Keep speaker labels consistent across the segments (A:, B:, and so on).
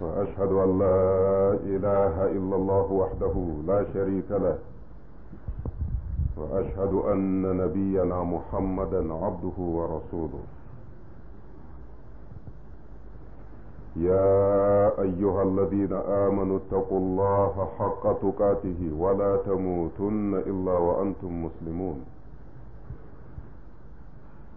A: وأشهد أن لا إله إلا الله وحده لا شريك له وأشهد أن نبينا محمدا عبده ورسوله يا أيها الذين آمنوا اتقوا الله حق تقاته ولا تموتن إلا وأنتم مسلمون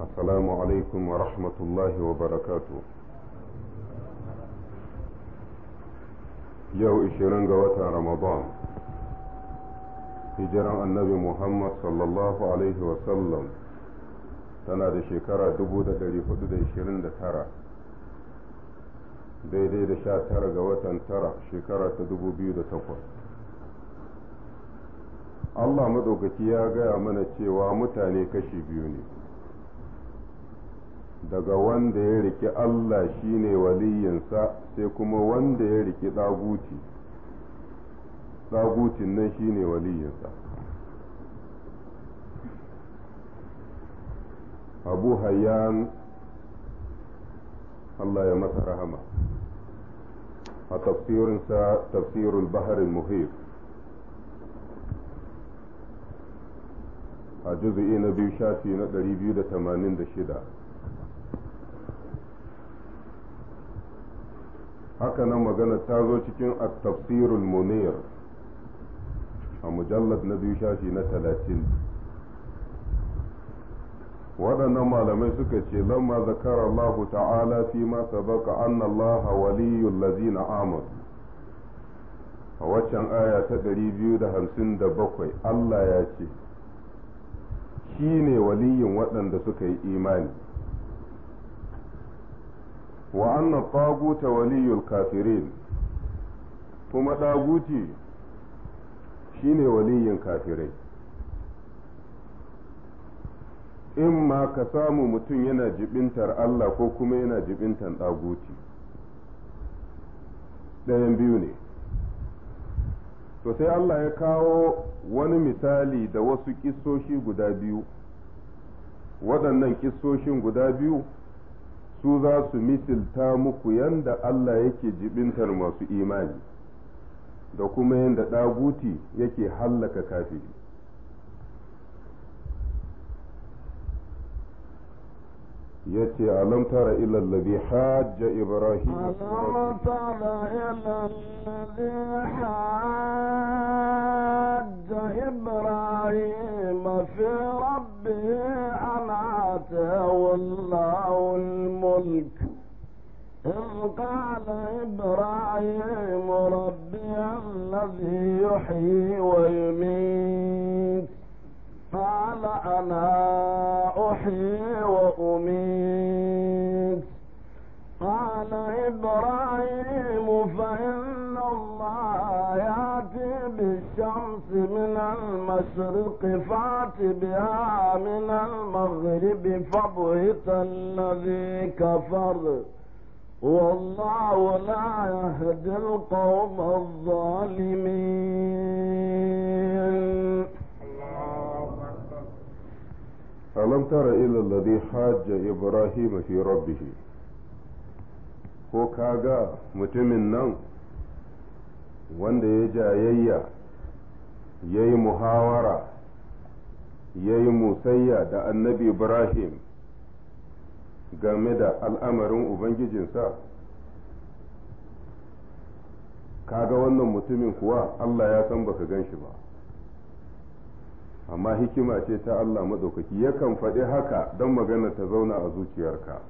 A: السلام عليكم ورحمة الله وبركاته يو ga قوات رمضان هجرة النبي محمد صلى الله عليه وسلم tana da shekara tara, daidai da sha tara ga watan tara shekara ta 2008 Allah maɗaukaki ya gaya mana cewa mutane kashi biyu ne daga wanda ya riki Allah shine waliyinsa sai kuma wanda ya riki ɗaguti ɗagutin nan shine waliyinsa abu hayyan Allah ya masa rahama a tafsirinsa tafsirul baharin muhir a juzu'i na biyu shafi na 286 haka nan magana ta zo cikin at-tafsirul munir a mujallad na biyu shashi na talatin waɗannan malamai suka ce lamma zakara Allah ta'ala fi ma sabaka anna Allah waliyul lazina amanu a waccan aya ta 257 Allah ya ce shi ne waliyin waɗanda suka yi imani wa anna taguta waliyul kafirin kuma daguti shine waliyin kafirai in ma ka samu mutum yana jibintar Allah ko kuma yana jibintar ɗaguti ɗayan biyu ne to sai Allah ya kawo wani misali da wasu kissoshi guda biyu waɗannan kissoshin guda biyu su za su misilta muku yadda Allah yake jibintar masu imani da kuma yadda ɗaguti yake hallaka kafiri يتي ألم تر إلا الذي حاج إبراهيم ألم
B: تر إلا الذي حاج إبراهيم في ربه أن آتاه الله الملك إذ قال إبراهيم ربي الذي يحيي ويميت قال أنا أحيي وأميت قال إبراهيم فإن الله يأتي بالشمس من المشرق فات بها من المغرب فبهت الذي كفر والله لا يهدي القوم الظالمين
A: alam tara ila alladhi hajja ibrahim fi rabbih ko kaga mutumin nan wanda ya jayayya ya yi muhawara ya yi musayya da annabi ibrahim game da al'amarin ubangijinsa kaga wannan mutumin kuwa allah ya san baka gan shi ba amma hikima ce ta Allah maɗaukaki yakan faɗi haka don magana ta zauna a zuciyarka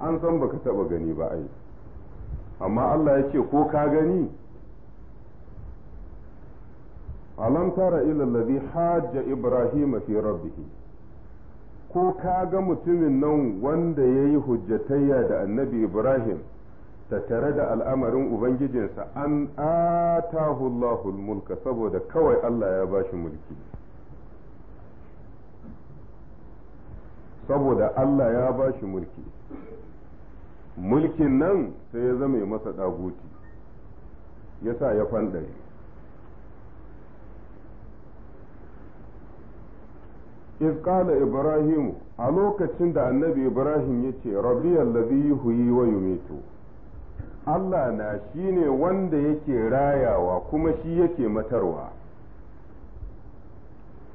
A: an san baka taɓa gani ba ai amma Allah ya ce ko ka gani alam tara ila allazi hajja ibrahima fi rabbih ko ka ga mutumin nan wanda yayi hujjatayya da annabi ibrahim tattare da al'amarin ubangijinsa an atahu allahul mulka saboda kawai Allah ya bashi mulki saboda Allah ya ba shi mulki mulkin nan sai ya zame masa ɗaguti ya sa ya fanɗari. iz Ibrahimu ibrahim a lokacin da annabi ibrahim ya ce rabbi allazi yuhyi wa yumitu Allah na shine wanda yake rayawa kuma shi yake matarwa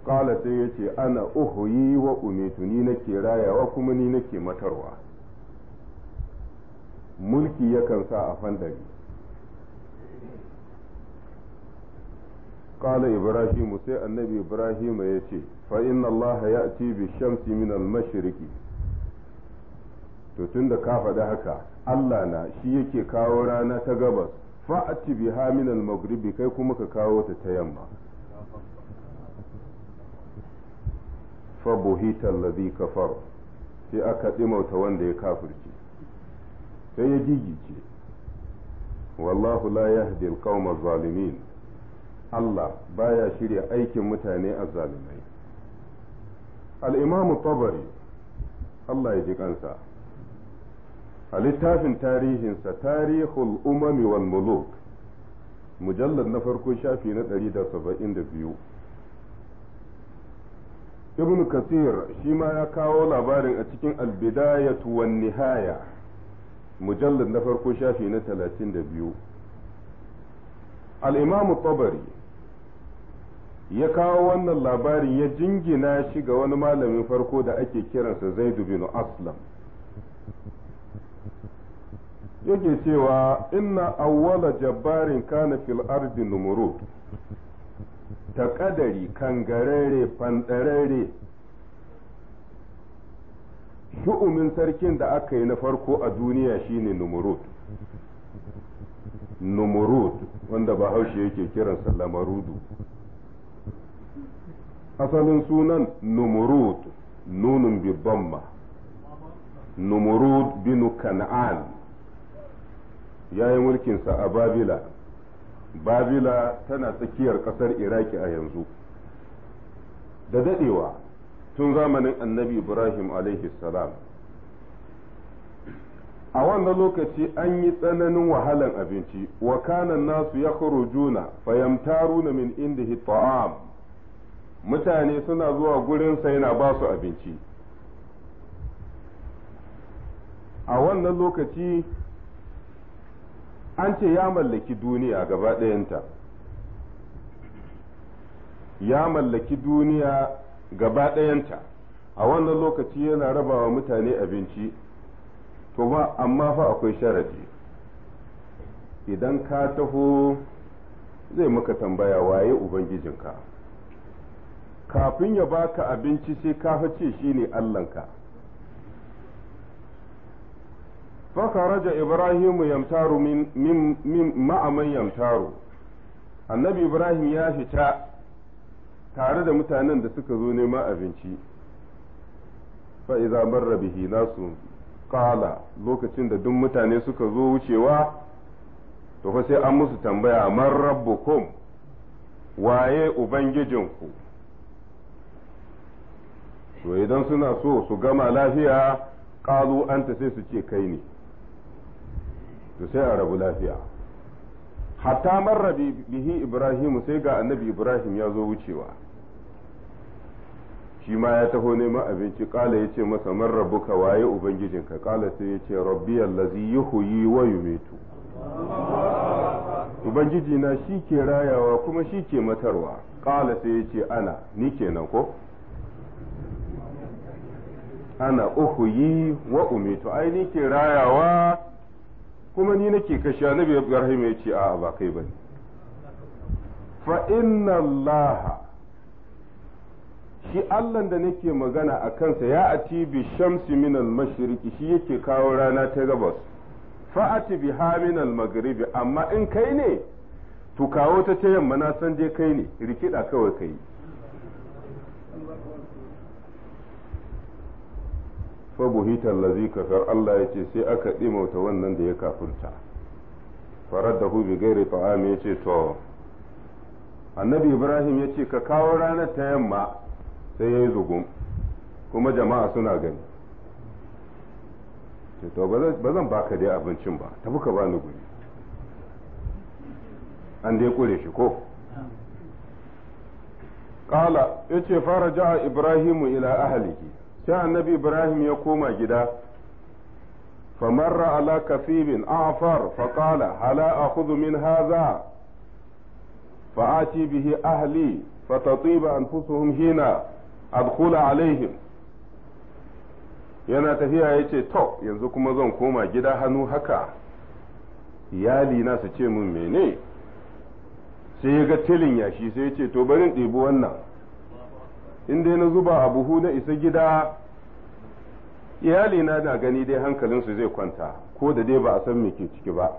A: qala sai yace ana yi wa umitu ni nake rayawa kuma ni nake matarwa mulki yakan sa a fandari ƙala ibrahimu sai annabi ibrahim yace fa inna allaha ya'ti bi shamsi min al-mashriqi to tunda ka faɗi haka Allah na shi yake kawo rana ta gabas fa'ati biha min magribi kai kuma ka kawo ta ta yamma fabuhita allazi kafar sai aka ɗimauta wanda ya kafirce sai ya gigice wallahu la yahdi alqawma zalimin Allah baya shirya aikin mutane azzalimai al-imamu tabari Allah ya ji kansa a littafin tarihinsa tarihul umami wal muluk na farko shafi na 172 ibn kasir shi ma ya kawo labarin a cikin albidayatu wan nihaya mujallad na farko shafi na 32 al-imam tabari ya kawo wannan labarin ya jingina shi ga wani malamin farko da ake kiransa zaidu bin aslam yake cewa inna awwala jabbarin kana fil ardi numurud ta kadari kangarare fandarare shu'umin sarkin da aka yi na farko a duniya shine numurut numurut wanda ba bahaushe yake kiransa lamarudu asalin sunan numurut nunun bi bamma numurut binu kan'an ya yi mulkinsa a babila babila tana tsakiyar ƙasar iraki a yanzu da daɗewa tun zamanin annabi ibrahim alaihi salam a wannan lokaci an yi tsananin wahalan abinci wa kanan nasu ya juna na min inda ta'am mutane suna zuwa gurinsa yana ba su abinci a wannan lokaci an ce ya mallaki duniya gaba ɗayanta ya mallaki duniya gaba ɗayanta a wannan lokaci yana rabawa mutane abinci to ba amma fa akwai sharadi idan ka taho zai maka tambaya waye ubangijinka kafin ya baka abinci sai ka ce shi ne allahnka fakaraja ibrahimu yamtaru min ma'aman yamtaru annabi ibrahim ya fita tare da mutanen da suka zo neman abinci fa'iza barra bihi nasu kala lokacin da duk mutane suka zo wucewa to fa sai an musu tambaya man rabbukum waye ubangijinku to idan suna so su gama lafiya kalu anta sai su ce kai ne to sai a rabu lafiya hatta marra bihi ibrahim sai ga annabi ibrahim ya zo wucewa shi ma ya taho neman abinci kala ya ce masa marra buka waye ubangijinka kala sai ya ce rabbi allazi yuhyi wa yumitu ubangiji na shi ke rayawa kuma shi ke matarwa kala sai ya ce ana ni kenan ko ana uhuyi wa umitu ai ni ke rayawa kuma ni nake kashe annabi Ibrahim ya ce a'a ba kai bane fa inna shi Allah da nake magana a kansa ya ati bi shamsi minal al shi yake kawo rana ta gabas fa ati bi ha min al amma in kai ne to kawo ta ta yamma na san je kai ne rikida kawai kai fabuhitar lazi kafar Allah ya ce sai aka ɗimauta wannan da ya kafurta farar da hubi gairi ta'am ya ce to annabi ibrahim ya ce ka kawo ranar ta yamma sai ya yi zugun kuma jama'a suna gani ce to ba zan baka dai abincin ba tafi ka bani guri an dai kure shi ko ƙala ya ce fara ja'a ibrahimu ila ahalihi sai annabi ibrahim ya koma gida famarra ala kasibin afar faƙala hala a min haza fa'aci bihi ahli fatatiba an fusuhun hina adkula alaihim yana tafiya ya ce to yanzu kuma zan koma gida hannu haka iyali na su ce mun mene sai ya ga tilin yashi sai ya ce to barin ɗebi wannan in dai na zuba a buhu na isa gida iyalina na gani dai hankalinsu zai kwanta ko da dai ba a san me ke ciki ba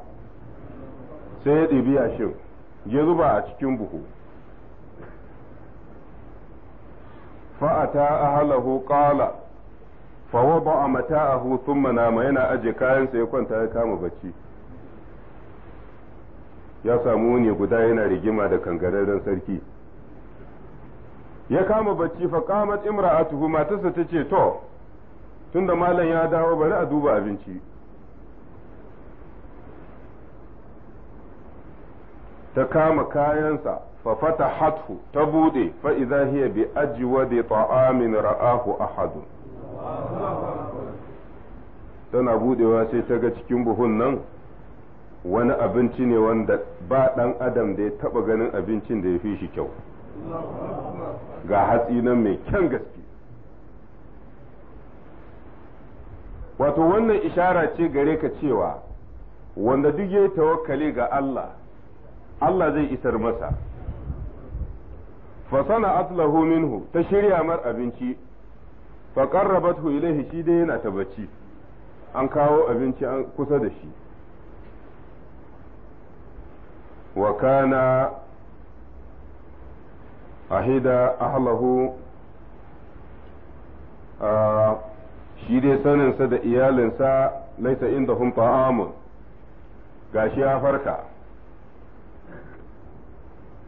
A: sai ya ɗibi shin ya zuba a cikin buhu fa'ata a qala a wada'a mata'ahu thumma nama yana aje kayansa ya kwanta ya kama bacci ya samu ne guda yana rigima da kangararren sarki ya kama bacci fa qamat imra'atuhu matarsa tace to tunda malam ya dawo bari a duba abinci ta kama kayansa fa fatahathu ta bude fa idza hiya bi ajwadi ta'amin ra'ahu ahad tana budewa sai ta ga cikin buhun nan wani abinci ne wanda ba dan adam da ya taba ganin abincin da ya fi shi kyau ga hatsi nan mai kyan gaske wato wannan ishara ce gare ka cewa wanda duk ya tawakkali ga Allah Allah zai isar masa fasana atlahu minhu ta shirya mar abinci qarrabathu ilaihi shi dai yana ta bacci an kawo abinci an kusa da shi wa kana ahida ahlahu shi dai saninsa da iyalinsa laisa inda hun ta'amun gashi ya farka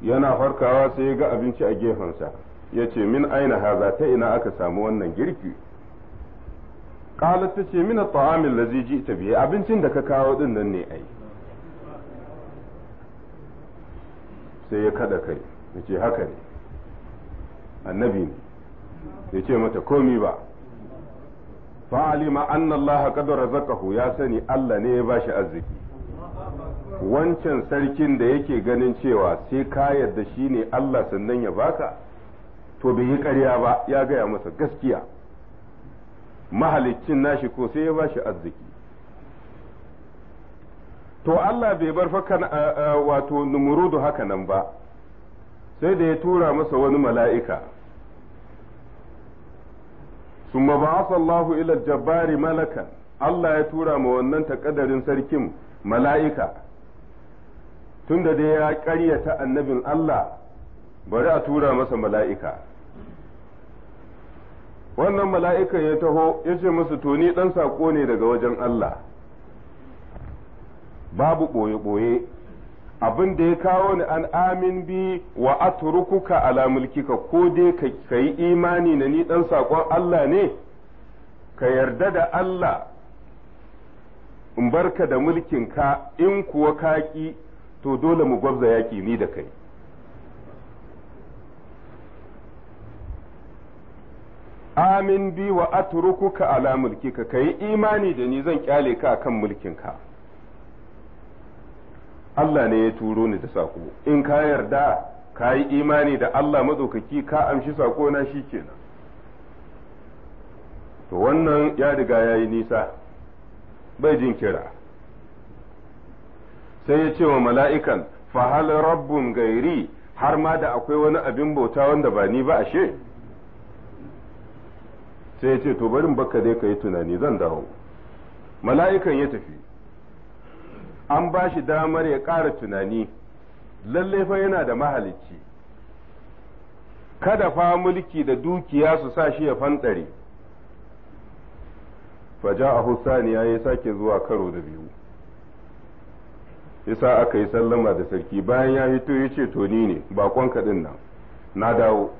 A: yana farkawa sai ya ga abinci a gefensa ya ce min aina haza ta ina aka samu wannan girki ƙalar ta ce mina ta'amin lazi ji ta biye abincin da ka kawo ɗin nan ne ai sai ya kada kai ya ce haka ne annabi ne bai ce mata komi ba fa'alima anna Allah qad razaqahu ya sani Allah ne ya bashi arziki wancan sarkin da yake ganin cewa sai ka yarda shi ne Allah sannan ya baka to bai yi karya ba ya gaya masa gaskiya mahalicin nashi ko sai ya bashi arziki to Allah bai bar fakan wato numurudu haka nan ba sai da ya tura masa wani mala'ika sun ba'asa Allahu ila jabari malakan Allah ya tura ma wannan takadarin sarkin mala'ika tun da ya ƙaryata annabin Allah bari a tura masa mala'ika wannan mala'ika ya taho ya ce musu to ni ɗan saƙo ne daga wajen Allah babu ɓoye-ɓoye abin da ya kawo ni an amin bi wa atrukuka ala mulkika ko dai ka yi imani na ni dan sakon Allah ne ka yarda da Allah in barka da mulkin ka in kuwa kaki to dole mu gwabza yaki ni da kai amin bi wa atrukuka ala mulkika ka yi imani da ni zan kyale ka akan mulkinka Allah ne ya turo ni da sako in ka yarda ka yi imani da Allah matsaukaki ka amshi sako na shi kenan to wannan ya riga ya yi nisa bai jin kira sai ya ce wa mala'ikan fahal rabbun gairi har ma da akwai wani abin bauta wanda ba ni ba ashe sai ya ce to barin baka dai ka yi tunani zan dawo mala'ikan ya tafi an ba shi damar ya ƙara tunani lalle fa yana da mahalicci kada fa mulki da dukiya su sa shi ya fanɗare faja a hussani ya yi sake zuwa karo da biyu yasa aka yi sallama da sarki bayan ya hito ya ce to ni ne bakon kaɗin nan na dawo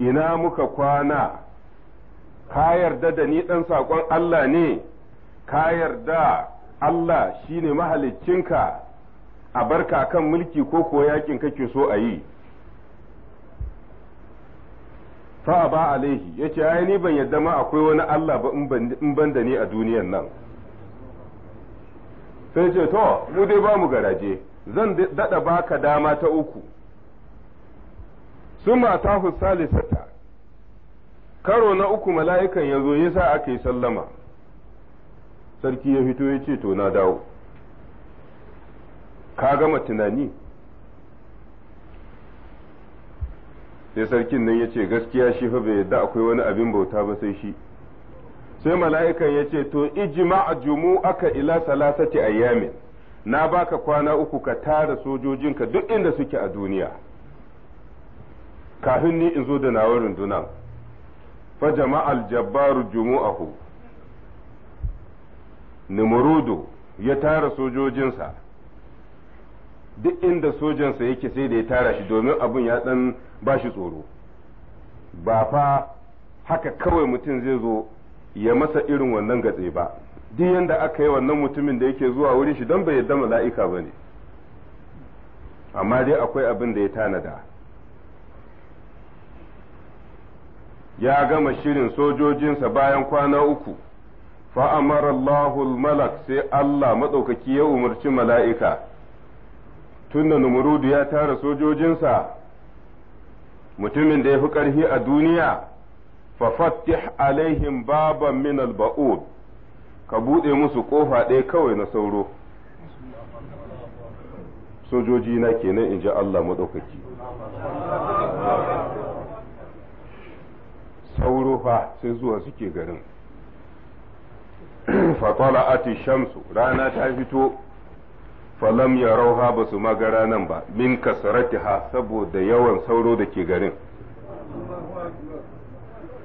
A: ina muka kwana ka yarda da ni ɗan saƙon Allah ne ka yarda Allah shi ne mahaliccinka a barka kan mulki ko kuwa yakin kake so a yi fa ba ya yace ai ni ban yadda ma akwai wani Allah ba in ban da ni a duniyan nan sai ce to mu dai ba mu garaje zan daɗa baka dama ta uku sun mata salisata karo na uku mala'ikan ya zo sa aka yi sallama sarki ya fito ya ce to na dawo ka gama tunani sai sarkin nan ya ce gaskiya shi fa bai yadda akwai wani abin bauta ba sai shi sai mala'ikan ya ce to ijma aka ila salasati ayyamin na baka kwana uku ka tara sojojinka duk inda suke a duniya kafin ni in zo da nawa dunan fa jama'al jabbaru jumu'ahu numurudu ya tara sojojinsa duk inda sojansa yake sai da ya tara shi domin abin ya dan ba shi tsoro ba fa haka kawai mutum zai zo ya masa irin wannan gatse ba duk yadda aka yi wannan mutumin da yake zuwa wurin shi don bai yadda mala'ika ba ne amma dai akwai abin da ya tanada ya gama shirin sojojinsa bayan kwana uku fa amara Allahul malak sai Allah madaukaki ya umarci mala'ika tunda numurudu ya tara sojojinsa mutumin da ya fi ƙarfi a duniya fa Fatih alaihim baban min baud ka buɗe musu ƙofa ɗaya kawai na sauro sojoji na kenan in ji Allah madaukaki sauro fa sai zuwa suke garin fatala'ati shamsu rana ta fito falam ya rauha ba su maga ranan ba min ha saboda yawan sauro da ke garin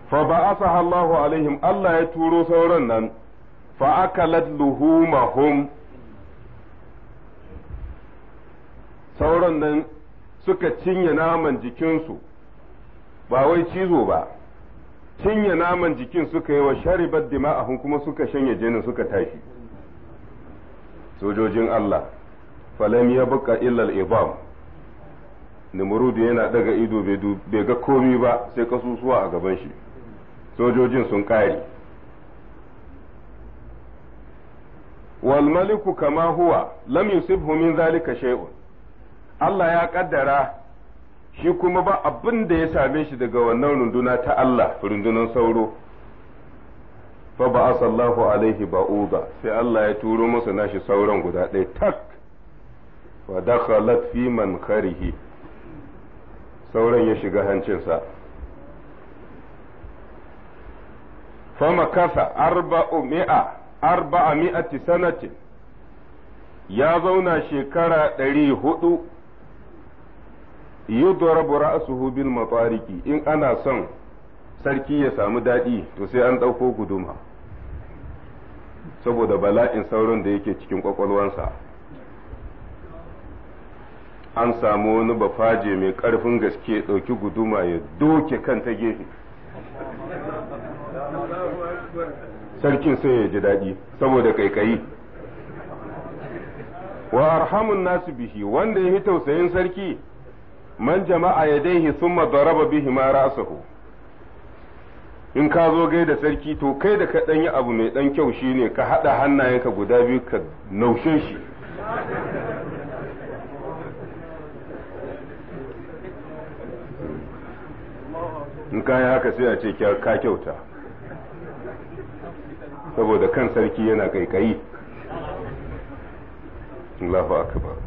A: fa ba'asaha Allahu alaihim Allah ya turo sauran nan fa akalat luhumahum sauran nan suka cinye naman jikinsu ba wai cizo ba cinye naman jikin suka yi wa sharibar dima'ahun kuma suka shanye jinin suka tashi sojojin Allah falam ya buka illal ibam numurudu yana daga ido bai ga komi ba sai kasusuwa a gaban shi sojojin sun kare wal maliku kama huwa lam yusibhu min zalika shay'un Allah ya kaddara shi kuma ba abin da ya same shi daga wannan runduna ta Allah rundunar sauro fa ba sallahu alaihi ba'uda sai Allah ya turo masa nashi sauran guda ɗaya tak wa dakhalat fi man kharihi sauran ya shiga hancinsa fa makasa arba'u mi'a arba'a ya zauna shekara ɗari hudu yudrabu ra'suhu bil matariki in ana son sarki ya samu daɗi to sai an ɗauko guduma saboda bala'in sauran da yake cikin kwakwalwansa an samu wani bafaje mai ƙarfin gaske ɗauki guduma ya doke kan ta gefe sarkin sai ya ji daɗi saboda kaikayi wa arhamun nasu bihi wanda ya yi tausayin sarki man jama'a ya yadaihi summa ba bihi ma ra'sahu in ka zo gai da sarki to kai da ka ɗan yi abu mai ɗan kyau shi ne ka haɗa hannayenka guda biyu ka naushe shi in ka yi haka sai a ce ka kyauta saboda kan sarki yana kaikayi Allahu akbar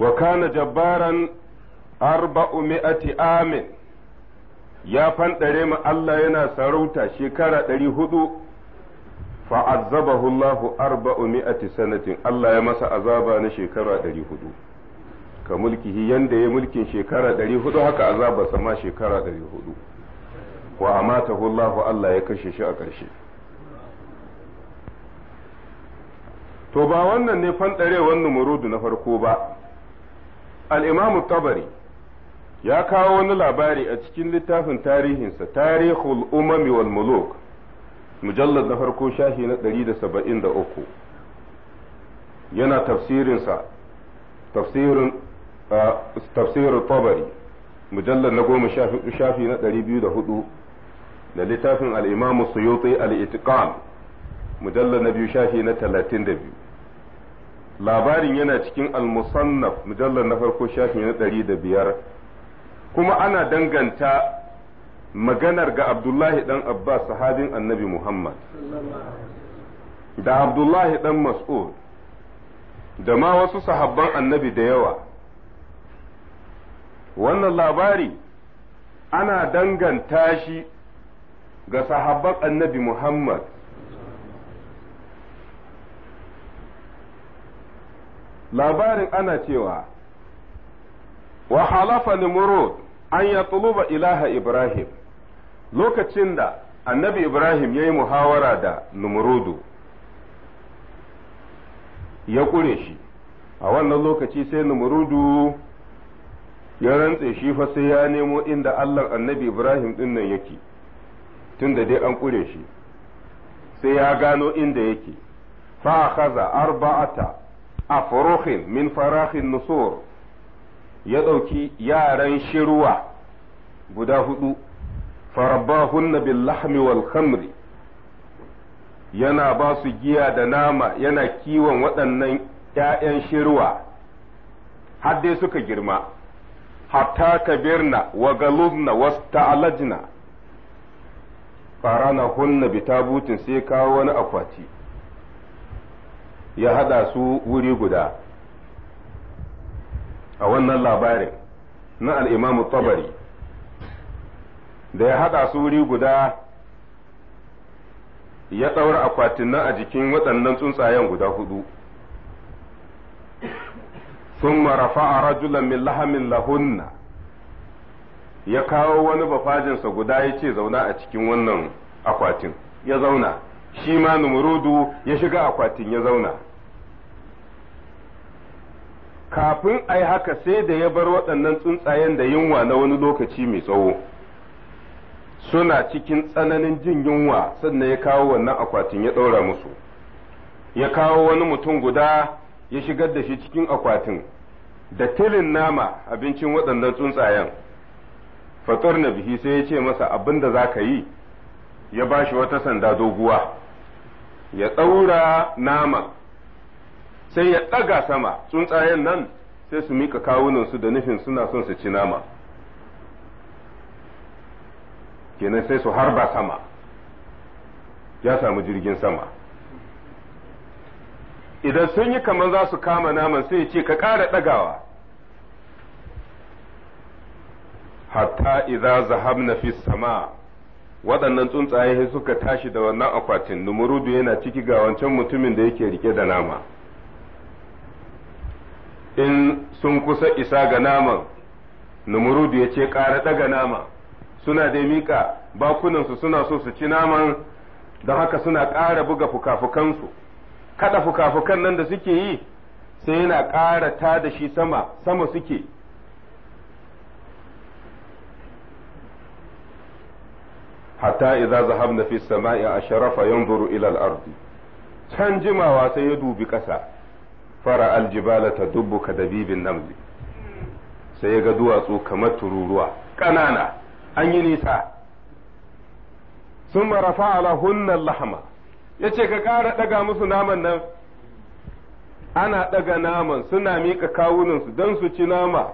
A: وكان جبارا jabbaran عام يا amin ya fanɗare mu Allah yana sarauta shekara ɗari hudu fa'azzabahu Allahu arba'u mi'ati sanatin Allah ya masa azaba na shekara ɗari hudu ka mulkihi yanda ya mulkin shekara ɗari hudu haka azaba sama shekara hudu wa Allah ya kashe shi a ƙarshe to ba wannan ne wannan murudu na farko ba al-imam ya kawo wani labari a cikin littafin tarihinsa tarihul umami wal muluk mujallar na farko shahi na 173 yana tafsirinsa tafsirin tafsirin tabari mujallar na goma shafi na 204 da littafin al'imamu suyuti al'itikan mujallar na biyu shafi na labarin yana cikin al mujallar na farko shafi na ɗari da biyar kuma ana danganta maganar ga abdullahi ɗan abbas sahabin annabi muhammad da abdullahi ɗan mas'ud da ma wasu sahabban annabi da yawa wannan labari ana danganta shi ga sahabban annabi muhammad labarin ana cewa wa halafa limurud an ya tuluba ilaha ibrahim lokacin da annabi ibrahim ya yi muhawara da numurudu ya ƙure shi a wannan lokaci sai numurudu ya rantse shi fa sai ya nemo inda allah annabi ibrahim ɗin nan yake tun da dai an ƙure shi sai ya gano inda yake fa kaza arba'ata afrukhin min farahin nusur ya ɗauki yaran shirwa guda hudu farabbahunna bil lahmi wal khamri yana ba su giya da nama yana kiwon waɗannan ‘ya'yan shirwa har dai suka girma hatta kabirna wa galubna wasta'alajna farana hunna bitabutin sai kawo wani akwati ya hada su wuri guda a wannan labarin na al'imamu tabari da ya haɗa su wuri guda ya ɗaura akwatin nan a jikin waɗannan tsuntsayen guda hudu sun marafa a rajulan min lahamin lahunna ya kawo wani bafajinsa guda ya ce zauna a cikin wannan akwatin ya zauna shi ma numurudu ya shiga akwatin ya zauna kafin a yi haka sai da ya bar waɗannan tsuntsayen da yunwa na wani lokaci mai tsawo suna cikin tsananin jin yunwa sannan ya kawo wannan akwatin ya ɗaura musu ya kawo wani mutum guda ya shigar da shi cikin akwatin da tilin nama abincin waɗannan tsuntsayen fatar na bihi sai ya ce masa abin da za ka yi ya ba shi wata sanda doguwa ya ɗaura nama sai ya ɗaga sama tsuntsayen nan sai su mika kawunansu da nufin suna son su ci nama kenan sai su harba sama ya samu jirgin sama idan sun yi kamar za su kama naman sai ce ka ƙara ɗagawa hatta idan zahab na fi sama waɗannan tsuntsaye suka tashi da wannan akwatin numurudu yana ciki ga wancan mutumin da yake rike da nama in sun kusa isa ga naman numurudu ya ce ƙara ɗaga nama suna da miƙa bakunansu suna so su ci naman don haka suna ƙara buga fukafukansu kada fukafukan nan da suke yi sai yana ƙara ta da shi sama sama suke hatta idza zahabna fi samai asharafa yanzuru ila al-ardi can jimawa sai ya dubi ƙasa fara aljibala ta dubbu ka dabibin namzi sai ya ga duwatsu kamar tururuwa ƙanana an yi nisa sun marafa ala hunnan lahama ya ce ka ƙara ɗaga musu naman nan ana ɗaga naman suna miƙa kawuninsu don su ci nama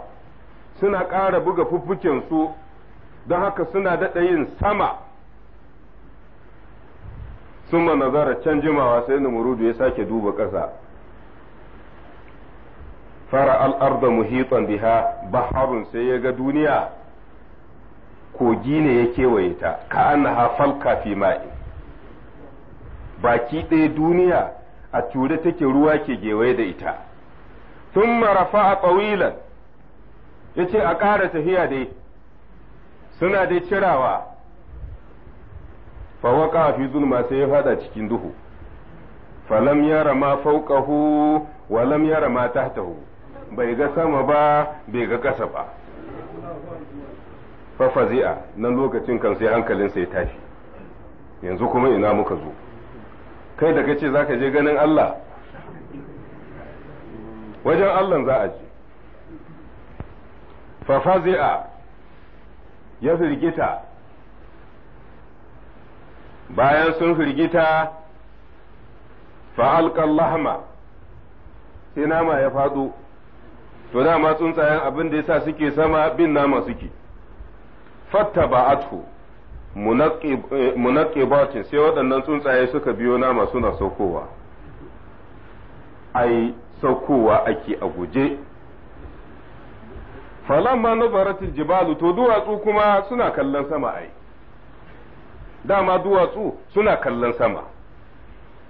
A: suna ƙara buga fuffukensu don haka suna daɗa yin sama sun nazara can jimawa sai numurudu ya sake duba ƙasa fara al'arda muhitan biha baharun sai ya ga duniya kogi ne ya kewaye ta ka annaha falka fi ma'i baki ɗaya duniya a ture take ruwa ke gewaye da ita sun marafa a ƙawilan ya ce a ƙara tafiya dai suna dai cirawa fawaka fi zulma sai ya fada cikin duhu falam yara ma fauƙahu wa yara ma tahtahu bai ga sama ba bai ga ƙasa ba fafazi'a nan lokacin kan sai hankalinsa ya tashi yanzu kuma ina muka zo kai da kace zaka je ganin Allah wajen Allah za a je fafazi'a ya firgita bayan sun firgita fa'alƙar lahama sai nama ya faɗo to dama tsuntsayen abin da yasa suke sama bin nama suke fattaba'athu munaqibatin eh, sai waɗannan tsuntsaye suka biyo nama suna saukowa ai saukowa ake a guje falamma nazaratil jibalu to duwatsu kuma suna kallon sama ai dama duwatsu suna kallon sama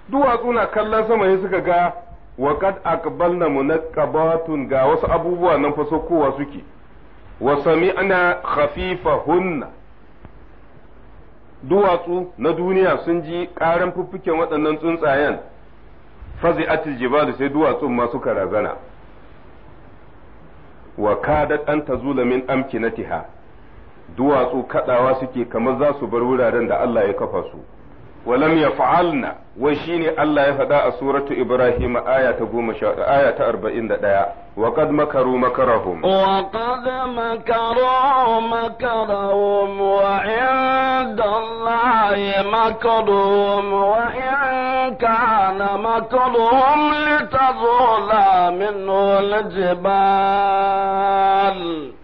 A: duwatsu na kallon sama sai suka ga wa qad aqbalna munaqqabatun ga wasu abubuwa nan fa kowa suke wa sami'na duwatsu na duniya sun ji ƙaran fuffuken waɗannan tsuntsayen fazi'atil jibalu sai duwatsun ma suka razana wa kadat an tazula min amkinatiha duwatsu kaɗawa suke kamar za su bar wuraren da Allah ya kafa su ولم يفعلنا وشيني الله يفدا سورة إبراهيم آية آية أربعين دقيقة وقد مكروا مكرهم وقد مكروا مكرهم
B: وعند الله مكرهم وإن كان مكرهم لتظل منه
A: الجبال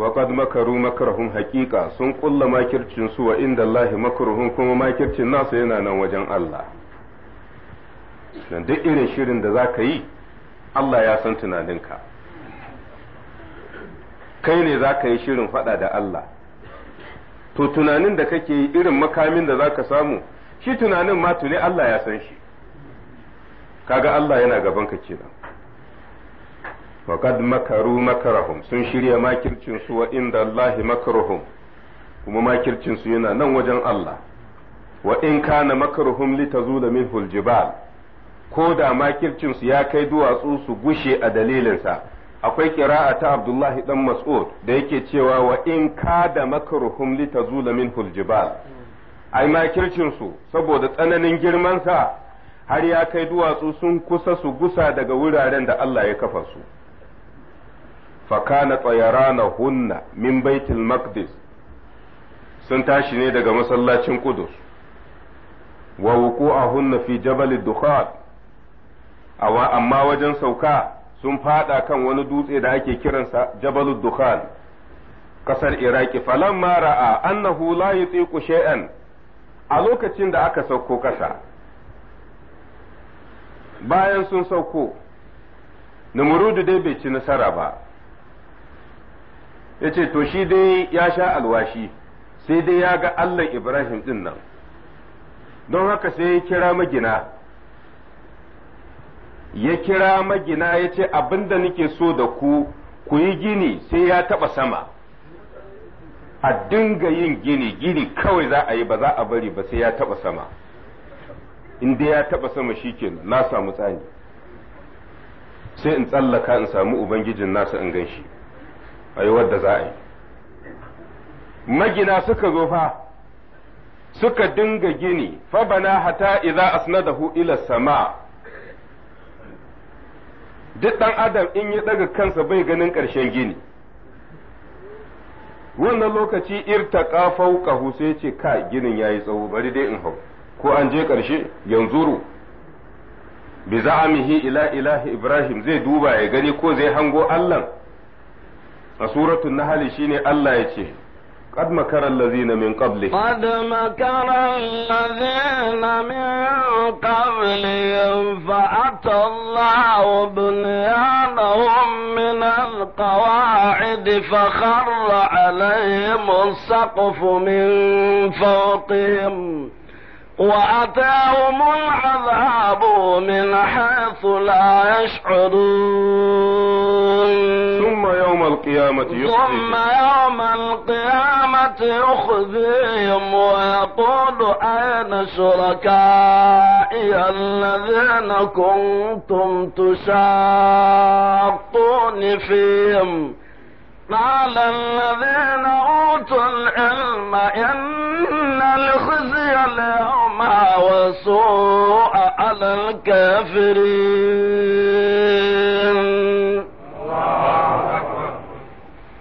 A: wa makaru makrahum haqiqa sun ƙulla makircin su wa inda Allah makruhum kuma makircin nasu yana nan wajen Allah dan duk irin shirin da zaka yi Allah ya san tunaninka kai ne zaka yi shirin fada da Allah to tunanin da kake yi irin makamin da zaka samu shi tunanin ma tuni Allah ya san shi kaga Allah yana gaban ka kenan faqad makaru makarahum sun shirya makircin su wa inda Allah makaruhum kuma makircin su yana nan wajen Allah wa in kana makaruhum litazula minhu aljibal ko da makircin su ya kai duwatsu su gushe a dalilinsa akwai kira'a ta Abdullahi dan Mas'ud da yake cewa wa in kada makaruhum litazula minhu aljibal
B: ai makircin
A: su saboda tsananin girman sa har ya kai duwatsu sun kusa su gusa daga wuraren da Allah ya kafa su fakana tsayarana hunna min baitul sun tashi ne daga masallacin kudus wa a fi jabal dukhan awa amma wajen sauka sun fada kan wani dutse da ake kiransa jabal dukhan kasar iraki mara ra'a annahu la yutiqu shay'an a lokacin da aka sauko kasa bayan sun sauko numurudu dai bai ci nasara ba yace to shi dai ya sha alwashi sai dai ya ga allah ibrahim din nan don haka sai ya kira magina ya kira magina ya ce abinda nake so da ku ku yi gini sai ya taba sama a dinga yin gini gini kawai za a yi ba za a bari ba sai ya taba sama in dai ya taba sama shikenan na samu tsani sai in tsallaka in samu ubangijin nasa in gan shi a yi wadda za a yi magina suka zo fa suka dinga gini fa bana hata idza asnadahu ila sama duk dan adam in ya daga kansa bai ganin ƙarshen gini wannan lokaci irtaqa fawqahu sai ce ka ginin yayi tsawo bari dai in hau ko an je ƙarshe yanzuru bi za'amihi ila ilahi ibrahim zai duba ya gani ko zai hango allah a suratul nahl shine Allah ya ce قد مكر الذين من قبلهم قد مكر الذين من
B: قبلهم فأتى الله بنيانهم من القواعد فخر عليهم السقف من فوقهم وأتاهم العذاب من حيث لا يشعرون
A: ثم يوم القيامة ثم يوم القيامة يخزيهم
B: ويقول أين شركائي الذين كنتم تشاقون فيهم قال الذين أوتوا العلم إن الخزي اليوم وسوء على الكافرين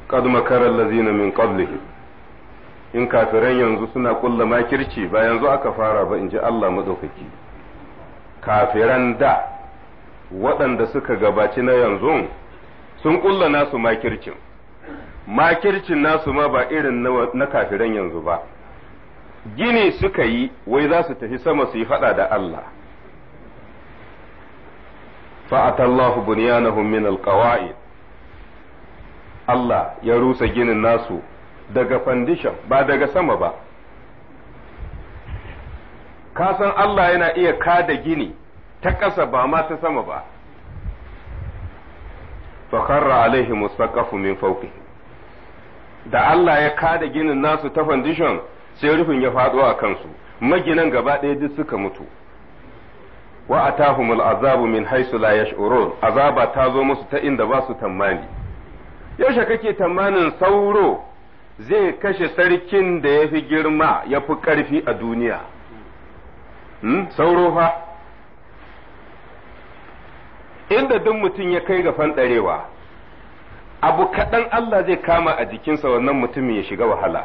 A: قد مكر الذين من قبلهم in kafiran yanzu suna ƙulla makirci ba yanzu aka fara ba in ji Allah maɗaukaki kafiran da waɗanda suka gabaci na yanzu sun ƙulla nasu makircin makircin nasu ma ba irin na kafiran yanzu ba gini suka yi wai za su tafi sama su yi fada da Allah Allah bunyanahum min alqawa'id Allah ya rusa ginin nasu daga foundation ba daga sama ba ka san Allah yana iya kada gini ta ƙasa ba ma ta sama ba fakarra alaihi mustaqafu min fawqi da Allah ya kada ginin nasu ta foundation sai rufin ya faɗo a kansu maginan gaba ɗaya duk suka mutu wa atahumul azabu min haisu la yash'urun azaba ta zo musu ta inda ba su tamani yaushe kake tamanin sauro zai kashe sarkin da ya fi girma ya fi ƙarfi a duniya hmm? sauro fa inda duk mutum ya kai ga fanɗarewa abu kaɗan Allah zai kama a jikinsa wannan mutumin ya shiga wahala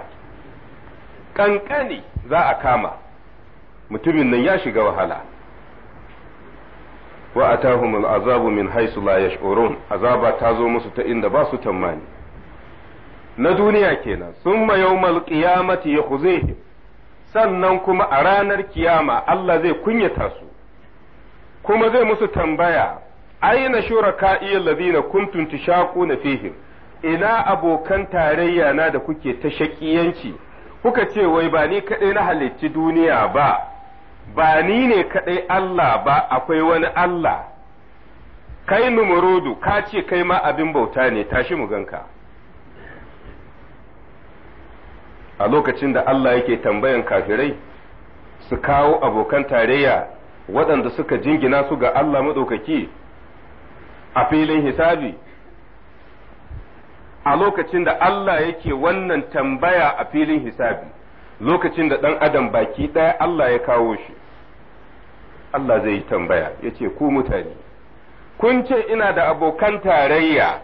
A: ƙanƙani za a kama mutumin nan ya shiga wahala wa atahumul azabu min haisu la yash'urun azaba ta zo musu ta inda ba su tammani. na duniya kenan sun yawmal qiyamati yakhzihim sannan kuma a ranar kiyama Allah zai kunyata su kuma zai musu tambaya aina shuraka'i allazina kuntum tashaquna fihim ina abokan tarayya na da kuke ta shakiyanci kuka ce wai ba ni kadai na halicci duniya ba ba ni ne kadai Allah ba akwai wani Allah kai numurudu ka ce kai ma abin bauta ne tashi mu ganka a lokacin da Allah yake tambayan kafirai su kawo abokan tarayya waɗanda suka jingina su ga Allah maɗaukaki a filin hisabi a lokacin da Allah yake wannan tambaya a filin hisabi lokacin da ɗan adam baki ɗaya Allah ya kawo shi Allah zai yi tambaya ya ce ku mutane kun ce ina da abokan tarayya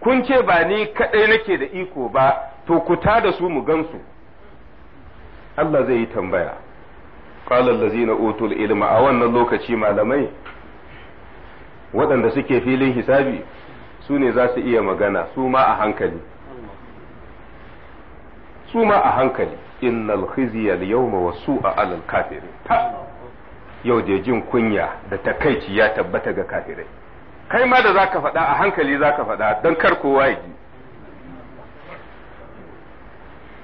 A: kun ce ba ni kaɗai nake da iko ba to ku ta da su mu gansu Allah zai yi tambaya qala allazina utul ilma a wannan lokaci malamai waɗanda suke filin hisabi su ne za su iya magana su ma a hankali su ma a hankali innal khizya al-yawma wa su'a ta yau da jin kunya da takaici ya tabbata ga kafirai kai ma da zaka faɗa a hankali zaka faɗa dan kar kowa ya ji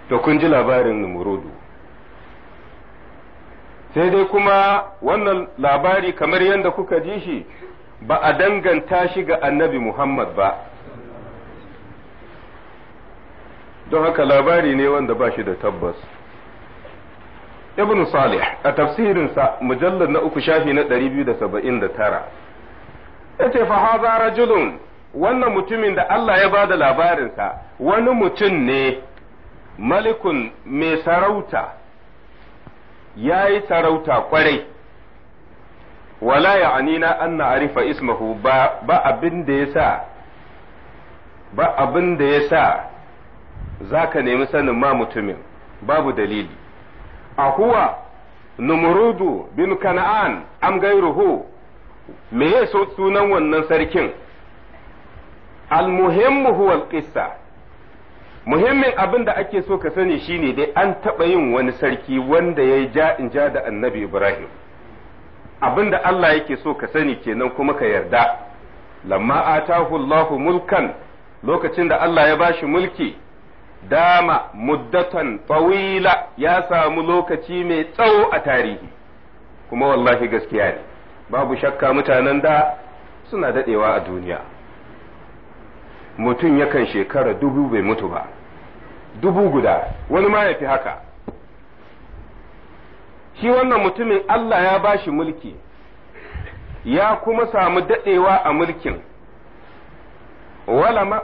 A: to kun ji labarin numurudu sai dai kuma wannan labari kamar yadda kuka ji shi ba a danganta shi ga annabi Muhammad ba don haka labari ne wanda ba shi da tabbas ibn salih a tafsirinsa mujallar na uku shafi na 279 yace fa zara rajulun wannan mutumin da Allah ya ba da labarinsa wani mutum ne malikun mai sarauta ya yi sarauta kwarai wala ya ya'anina an arifa ismahu ba abin da ya sa ba abin da ya sa za ka nemi sanin ma mutumin babu dalili a huwa numurudu bin kana'an am gairuhu me ya so sunan wannan sarkin almuhimmu huwa alqissa muhimmin abin da ake so ka sani shine dai an taɓa yin wani sarki wanda ya ja in ja da annabi ibrahim abin da Allah yake so ka sani kenan kuma ka yarda lamma atahu Allahu mulkan lokacin da Allah ya bashi mulki dama muddatan tawila ya samu lokaci mai tsawo a tarihi kuma wallahi gaskiya ne babu shakka mutanen da suna dadewa a duniya mutum yakan shekara dubu bai mutu ba dubu guda wani ma ya fi haka shi wannan mutumin Allah ya ba shi mulki ya kuma samu daɗewa a mulkin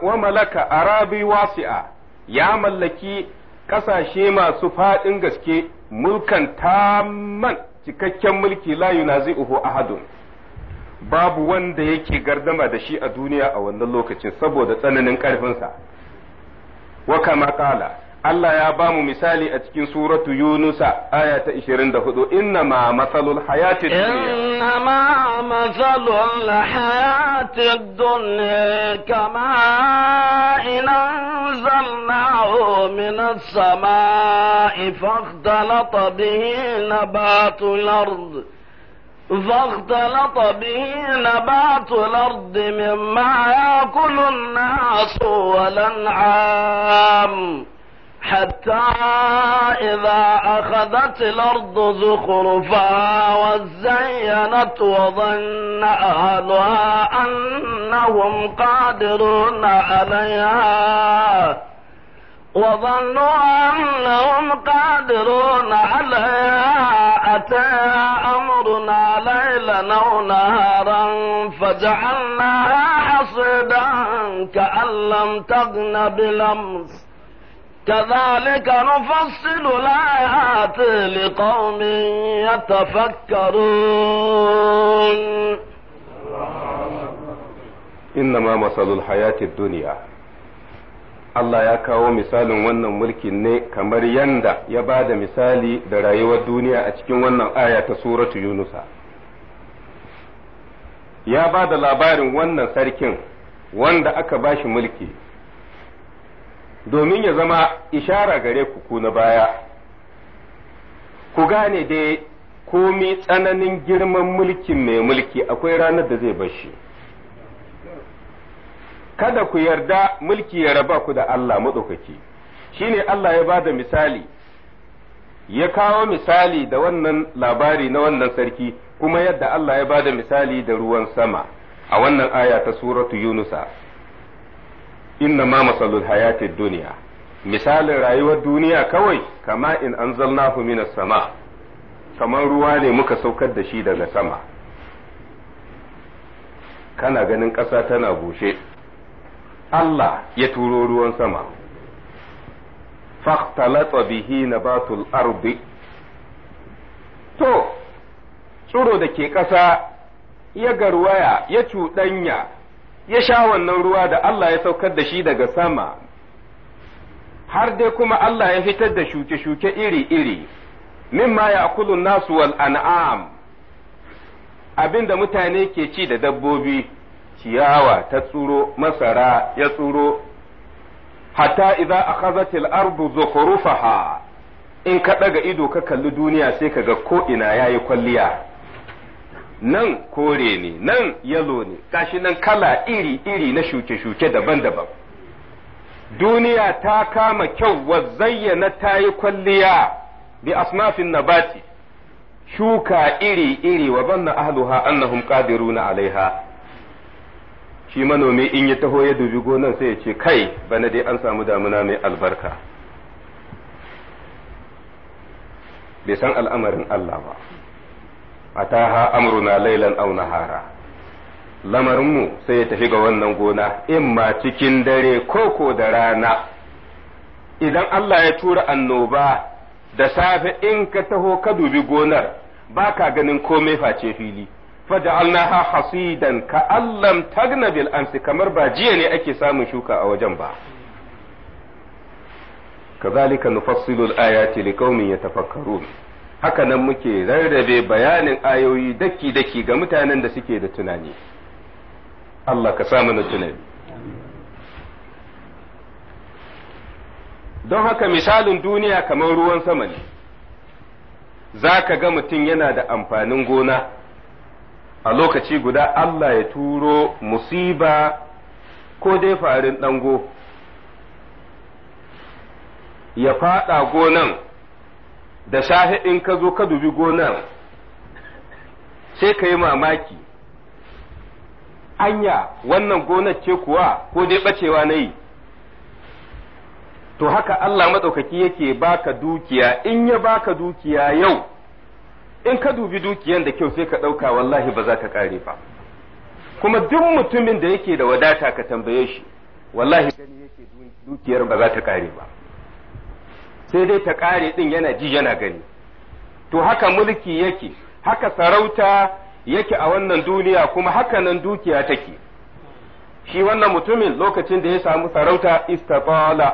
A: wa malaka arabi wasi'a ya mallaki ƙasashe masu faɗin gaske mulkan tamman cikakken mulki zai a ahadun babu wanda yake gardama da shi a duniya a wannan lokacin saboda tsananin ƙarfinsa wa kama ƙala Allah ya ba mu misali a cikin suratu Yunusa aya ta 24 inna ma masalul hayati dunya
B: inna ma masalul hayati dunya kama ina inzalnahu min as-sama'i fakhtalata bihi nabatul ard فاختلط به نبات الأرض مما يأكل الناس والأنعام حتى إذا أخذت الأرض زخرفها وزينت وظن أهلها أنهم قادرون عليها وظنوا أنهم قادرون عليها أتيها أمرنا ليلا أو نهارا فجعلناها حصيدا كأن لم تغن بالأمس كذلك نفصل الآيات لقوم يتفكرون
A: إنما مثل الحياة الدنيا Allah ya kawo misalin wannan mulkin ne kamar yanda ya ba da misali da rayuwar duniya a cikin wannan aya ta suratu Yunusa. Ya ba da labarin wannan sarkin wanda aka ba shi mulki domin ya zama ishara gare ku ku na baya ku gane dai komi tsananin girman mulkin mai mulki akwai ranar da zai bar shi. kada ku yarda mulki ya raba ku da Allah maɗaukaki shine Allah ya bada misali ya kawo misali da wannan labari na wannan sarki kuma yadda Allah ya bada misali da ruwan sama a wannan aya ta suratu yunusa inna ma masalul hayatin duniya misalin rayuwar duniya kawai kama in anzalnahu minas sama kamar ruwa ne muka saukar da shi daga sama kana ganin ƙasa tana bushe Allah ya turo ruwan sama fahtalatsa bihi nabatul ardi to tsuro da ke ƙasa ya garwaya ya cuɗanya ya sha wannan ruwa da Allah ya saukar da shi daga sama har dai kuma Allah ya fitar da shuke-shuke iri-iri min mimma ya akulun nasu wal an'am abinda mutane ke ci da dabbobi ciyawa ta tsuro masara ya tsuro hatta idza akhazatil ardu zukhrufaha in ka daga ido ka kalli duniya sai ka ga ko ina yayi kwalliya nan kore ne nan yalo ne gashi nan kala iri-iri na shuke-shuke daban-daban duniya ta kama kyau wa zayyana ta yi kwalliya bi asnafin nabati shuka iri-iri wa banna ahluha annahum qadiruna alaiha shi manomi in ya taho ya dubi gonan sai ya ce kai bana dai an samu damuna mai albarka bai san al'amarin Allah ba ataha amruna lailan aw nahara lamarinmu sai ya tafi ga wannan gona in ma cikin dare ko da rana idan Allah ya tura annoba da safe in ka taho ka dubi gonar baka ganin komai face fili faja'alnaha hasidan ka allam tagna bil amsi kamar ba jiya ne ake samun shuka a wajen ba kazalika nufassilu al-ayati liqaumin yatafakkarun haka nan muke rarrabe bayanin ayoyi daki-daki ga mutanen da suke da tunani Allah ka sa mana tunani don haka misalin duniya kamar ruwan sama ne za ka ga mutum yana da amfanin gona a lokaci guda Allah ya turo musiba ko dai farin ɗango ya faɗa gonan da safe in ka zo ka dubi gonar sai ka yi mamaki anya wannan gonar ce kuwa ko dai bacewa na yi to haka Allah matsaukaki yake baka dukiya in ya baka dukiya yau in ka dubi dukiyan da kyau sai ka ɗauka wallahi ba za ka ƙare ba kuma duk mutumin da yake da wadata ka tambaye shi wallahi gani yake dukiyar ba za ta kare ba sai dai ta ƙare ɗin yana ji yana gani to haka mulki yake haka sarauta yake a wannan duniya kuma haka nan dukiya take shi wannan mutumin lokacin da ya samu sarauta istatala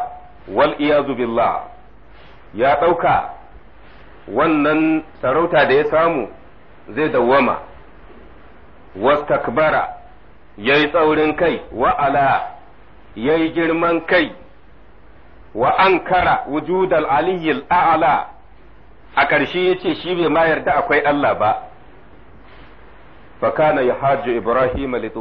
A: wal iyazu billah ya ɗauka wannan sarauta da ya samu zai dawwama wastakbara ya yi tsaurin kai wa'ala ya yi girman kai wa ankara wujud al-aliyyil a'ala a ƙarshe yace shi bai ma yarda akwai Allah ba fa kana yahajju ibrahim li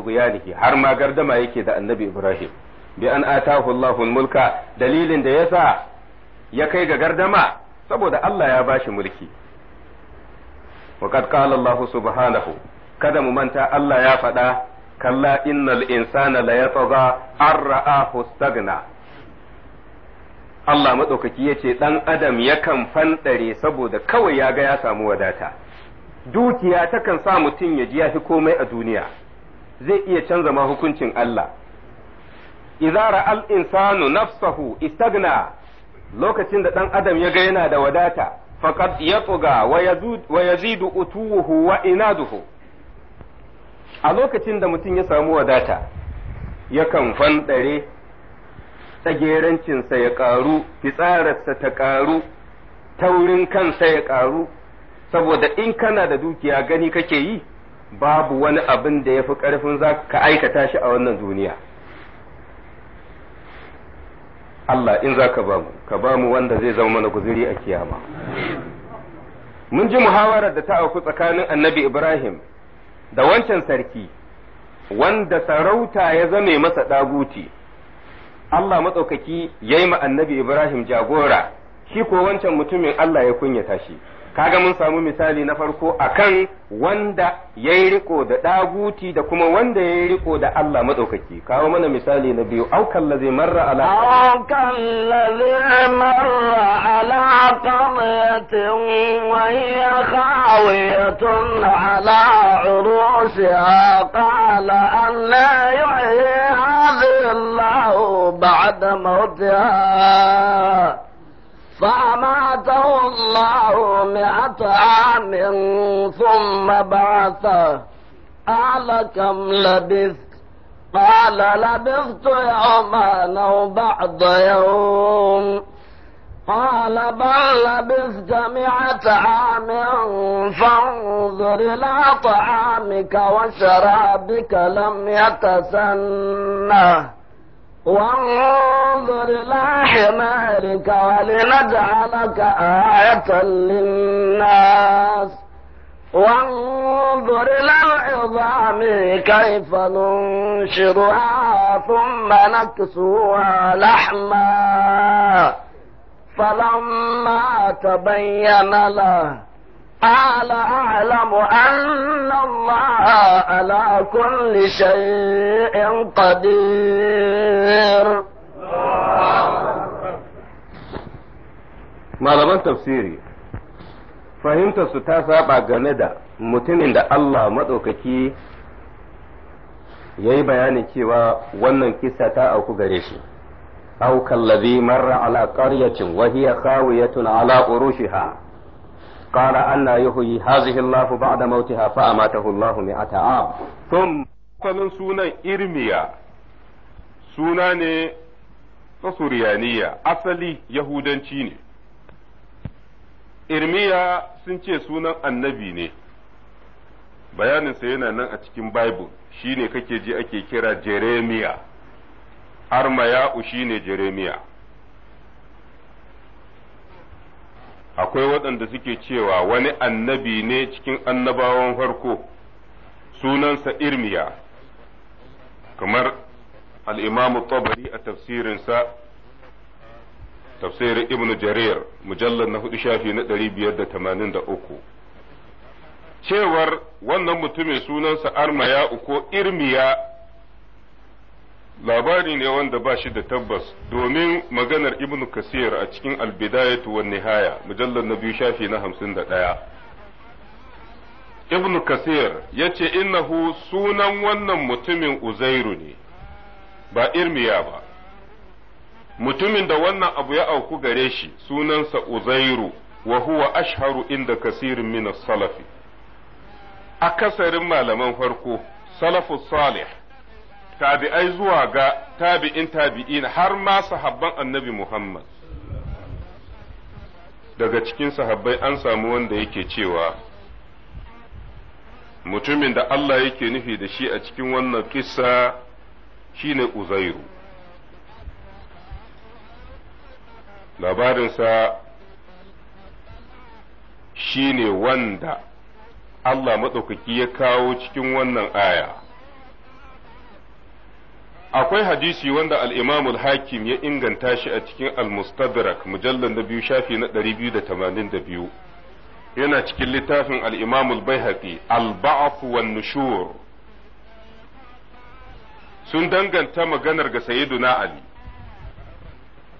A: har ma gardama yake da annabi ibrahim bi an atahu Allahu mulka dalilin da yasa ya kai ga gardama saboda Allah ya bashi mulki wa kad qala Allahu subhanahu kada mu manta Allah ya faɗa kalla innal insana la yatgha ar ra'ahu Allah maɗaukaki ya ce ɗan adam yakan fanɗare saboda kawai ya ga ya samu wadata dukiya takan sa mutum ya ji ya fi komai a duniya zai iya canza ma hukuncin Allah Izara al'insanu insanu nafsahu istagna lokacin da ɗan adam ya ga yana da wadata faqad tsuga wa yazidu utuwuhu wa inaduhu a lokacin da mutum ya samu wadata yakan fanɗare tsagerancinsa ya ƙaru fitsararsa ta ƙaru taurin kansa ya ƙaru saboda in kana da dukiya gani kake yi babu wani abin da ya fi ƙarfin za ka aikata shi a wannan duniya Allah in za ka bamu ka bamu wanda zai zama mana guziri a kiyama mun ji muhawarar da ta auku tsakanin annabi ibrahim da wancan sarki wanda sarauta ya zame masa ɗaguti Allah matsaukaki ya yi annabi Ibrahim jagora shi ko wancan mutumin Allah ya kunyata shi kaga mun samu misali na farko akan wanda ya yi riko da ɗaguti da kuma wanda ya yi riko da Allah maɗaukaki kawo mana misali na biyu aukan lazi marra ala
B: aukan lazi marra ala qaryatin wa hiya khawiyatun ala urusha qala an la yuhyi hadhihi Allah ba'da mawtiha فأماته الله مئة عام ثم بعثه قال كم لبثت قال لبثت يوما أو بعض يوم قال بل لبثت مئة عام فانظر إلى طعامك وشرابك لم يتسنه وانظر إلى حمارك ولنجعلك آية للناس وانظر إلى العظام كيف ننشرها ثم نكسوها لحما فلما تبين له قال أعلم أن الله على كل شيء قدير
A: malaman tafsiri fahimtarsu ta saba game da mutumin da Allah maɗaukaki ya yi bayanin cewa wannan kisa ta auku gare shi aukan lazi marra ala ƙaryacin wahiyar khawiyatun ala urushiha قال Allah يحيي هذه الله بعد موتها فأماته الله مئة عام ثم sanin sunan irmiya suna ne ta asali yahudanci ne irmiya sun ce sunan annabi ne bayaninsa yana nan a cikin bible shine kake ji ake kira jeremiya armaya'u shine jeremiya akwai waɗanda suke cewa wani annabi ne cikin annabawan farko sunansa irmiya kamar al'imamu tabari a tafsirinsa tafsirin ibnu jarir mujallar na hudu shafi na ɗari biyar da tamanin da uku cewar wannan mutumin sunansa armaya ko irmiya labari ne wanda ba shi da tabbas domin maganar ibnu kasir a cikin albidayatu wa nihaya mujallar na biyu shafi na hamsin da ɗaya ibnu kasir ya ce innahu sunan wannan mutumin uzairu ne ba irmiya ba mutumin da wannan abu ya auku gare shi sunansa uzairu wa huwa ashharu inda kasirin min salafi akasarin malaman farko salafu salih tabi'ai zuwa ga tabi'in tabi'in har ma sahabban annabi Muhammad. Daga cikin sahabbai an samu wanda yake cewa mutumin da Allah yake nufi da shi a cikin wannan kissa shine Uzairu. Labarinsa shine wanda Allah maɗaukaki ya kawo cikin wannan aya. akwai hadisi wanda al'imamul hakim ya inganta shi a cikin al-Mustadrak na biyu shafi na 282 yana cikin littafin al'imamul imam al-Baihaqi al-Ba'th Nushur sun danganta maganar ga sayiduna Ali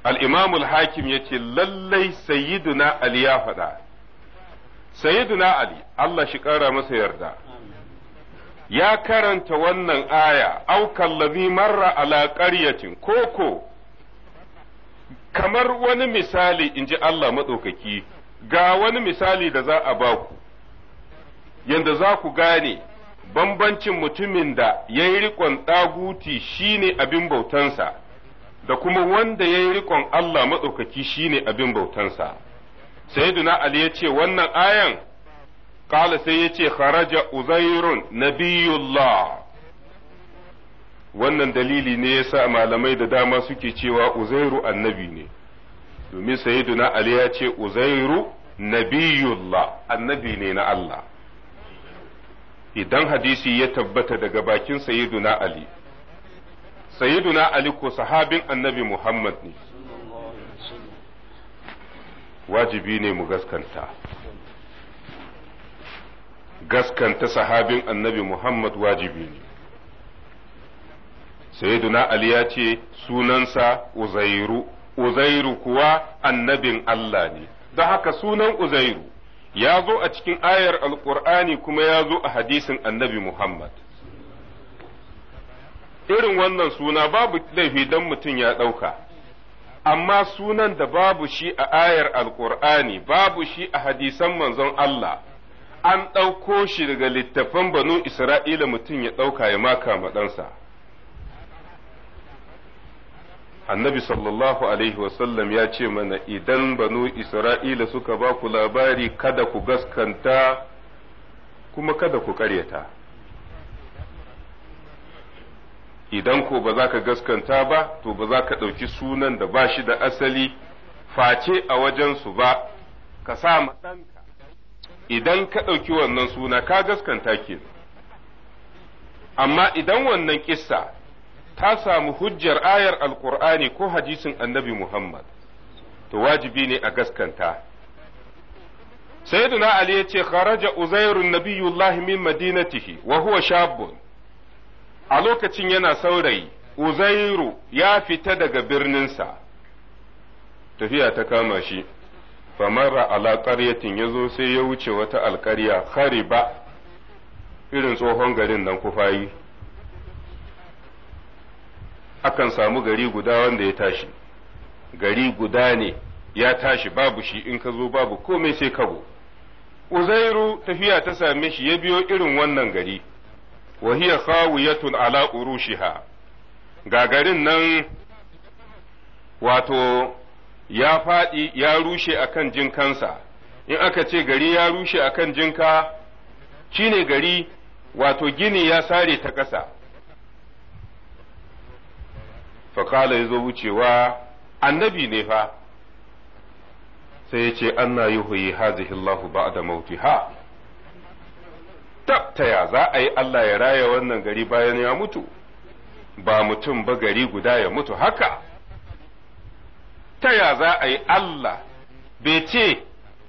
A: al hakim ya hakim yace lallai sayiduna Ali ya faɗa sayiduna Ali Allah shi ƙara masa yarda ya karanta wannan aya aukan lazi marra ala ƙaryatin koko kamar wani misali in ji Allah maɗaukaki ga wani misali da za a baku yadda za ku gane bambancin mutumin da ya yi riƙon ɗaguti shine abin bautansa da kuma wanda ya yi riƙon Allah maɗaukaki shine abin bautansa. Sayyiduna Ali ya ce wannan ayan قال سيتي خرج أزير نبي الله wannan dalili ne ya sa malamai da dama suke cewa uzairu annabi ne domin sayyiduna ali ya ce uzairu nabiyullah annabi ne na Allah idan hadisi ya tabbata daga bakin sayyiduna ali sayyiduna ali ko sahabin annabi muhammad ne wajibi ne mu gaskanta gaskanta sahabin annabi Muhammad wajibi ne. Sayyiduna Ali ya ce sunansa Uzairu, Uzairu kuwa annabin Allah ne, don haka sunan Uzairu ya zo a cikin ayar Alƙur'ani kuma ya zo a hadisin annabi Muhammad. Irin wannan suna babu laifi don mutum ya ɗauka, amma sunan da babu shi a ayar Alƙur'ani babu shi a hadisan manzon Allah. an ɗauko shi daga littafan banu Isra'ila mutum ya ɗauka ya maka maɗansa. Annabi sallallahu Alaihi wasallam ya ce mana idan banu Isra'ila suka ba ku labari kada ku gaskanta kuma kada ku ƙaryata. Idan ko ba za ka gaskanta ba, to ba za ka ɗauki sunan da ba shi da asali face a wajensu ba, ka sa maɗanka. idan ka ɗauki wannan suna ka gaskanta ke amma idan wannan kissa ta samu hujjar ayar alkur'ani ko hadisin annabi muhammad to wajibi ne a gaskanta sayyiduna ali ya ce kharaja uzairun nabiyullah min madinatihi wa huwa shabbun a lokacin yana saurayi uzairu ya fita daga birninsa tafiya ta kama shi famara ala ƙaryatin ya zo sai ya wuce wata alƙarya ba. irin tsohon garin nan kufayi akan samu gari guda wanda ya tashi gari guda ne ya tashi babu shi in ka zo babu komai sai kabo uzairu tafiya ta same shi ya biyo irin wannan gari wa hiya khawiyatun ala urushiha ga garin nan wato ya faɗi ya rushe akan jinkansa in aka ce gari ya rushe akan jinka shine gari wato gini ya sare ta ƙasa Fakala ya zo wucewa annabi ne fa sai ya ce anna yuhyi ba Allahu ba'da mautiha taya za a yi Allah ya raya wannan gari bayan ya mutu ba mutum ba gari guda ya mutu haka ta ya za a yi Allah bai ce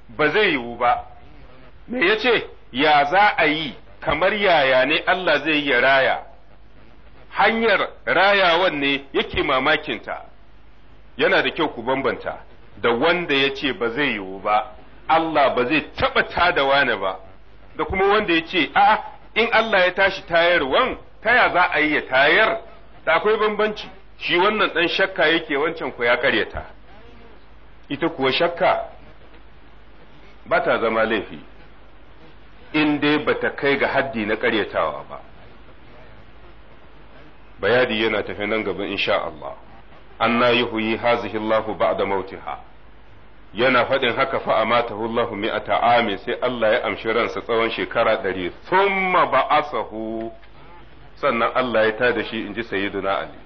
A: ba zai yiwu ba me ya ce ya za a yi kamar yaya ne Allah zai yi raya hanyar rayawan ne yake mamakinta yana da kyau ku bambanta da wanda ya ce ba zai yiwu ba Allah ba zai taɓa tada wani ba da kuma wanda ya ce a in Allah ya tashi tayarwan ta ya za a yi ya tayar da akwai bambanci shi wannan ɗan shakka yake wancan ku ya karyata. ita kuwa shakka ba ta zama laifi in dai ba ta kai ga haddi na karyatawa ba bayadi yana tafi nan gaba insha Allah An anna yuhyi hazihi ba ba'da mautiha yana faɗin haka fa amatahu mai a amin sai Allah ya amshi ransa tsawon shekara ɗari thumma sahu sannan Allah ya tada shi in ji sayyiduna Ali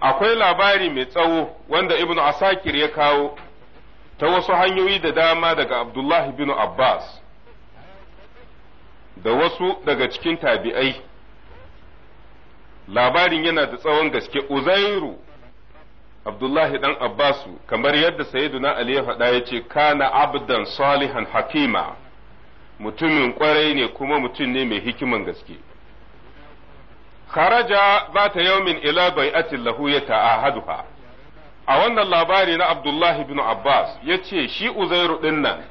A: akwai labari mai tsawo wanda ibnu asakir ya kawo ta wasu hanyoyi da dama daga abdullahi bin abbas da wasu daga cikin tabi'ai labarin yana da tsawon gaske uzairu abdullahi dan Abbas kamar yadda sayyiduna ali ya faɗa ya ce kana abdan salihan hakima mutumin kwarai ne kuma mutum ne mai hikiman gaske kharaja za ta yaumin ila bai'atin lahu ya ta'ahaduha a wannan labari na Abdullahi bin Abbas ya ce shi Uzairu ɗin nan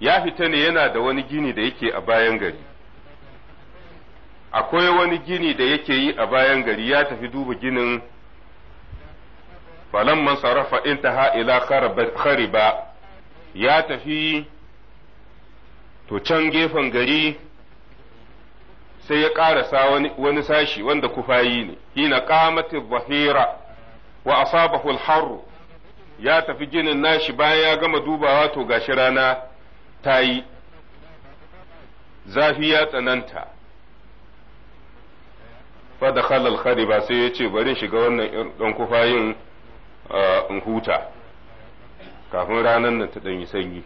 A: ya fita ne yana da wani gini da yake a bayan gari akwai wani gini da yake yi a bayan gari ya tafi duba ginin falamman sarrafa intaha ila khariba ya tafi to can gefen gari sai ya ƙarasa wani sashi wanda kufayi ne hina qamati zahira wa asabahu al ya tafi ginin nashi bayan ya gama dubawa to gashi rana ta yi zafi ya tsananta fa da khalal sai ya ce bari shiga wannan ɗan kufayin in huta kafin ranar nan ta ɗanyi sanyi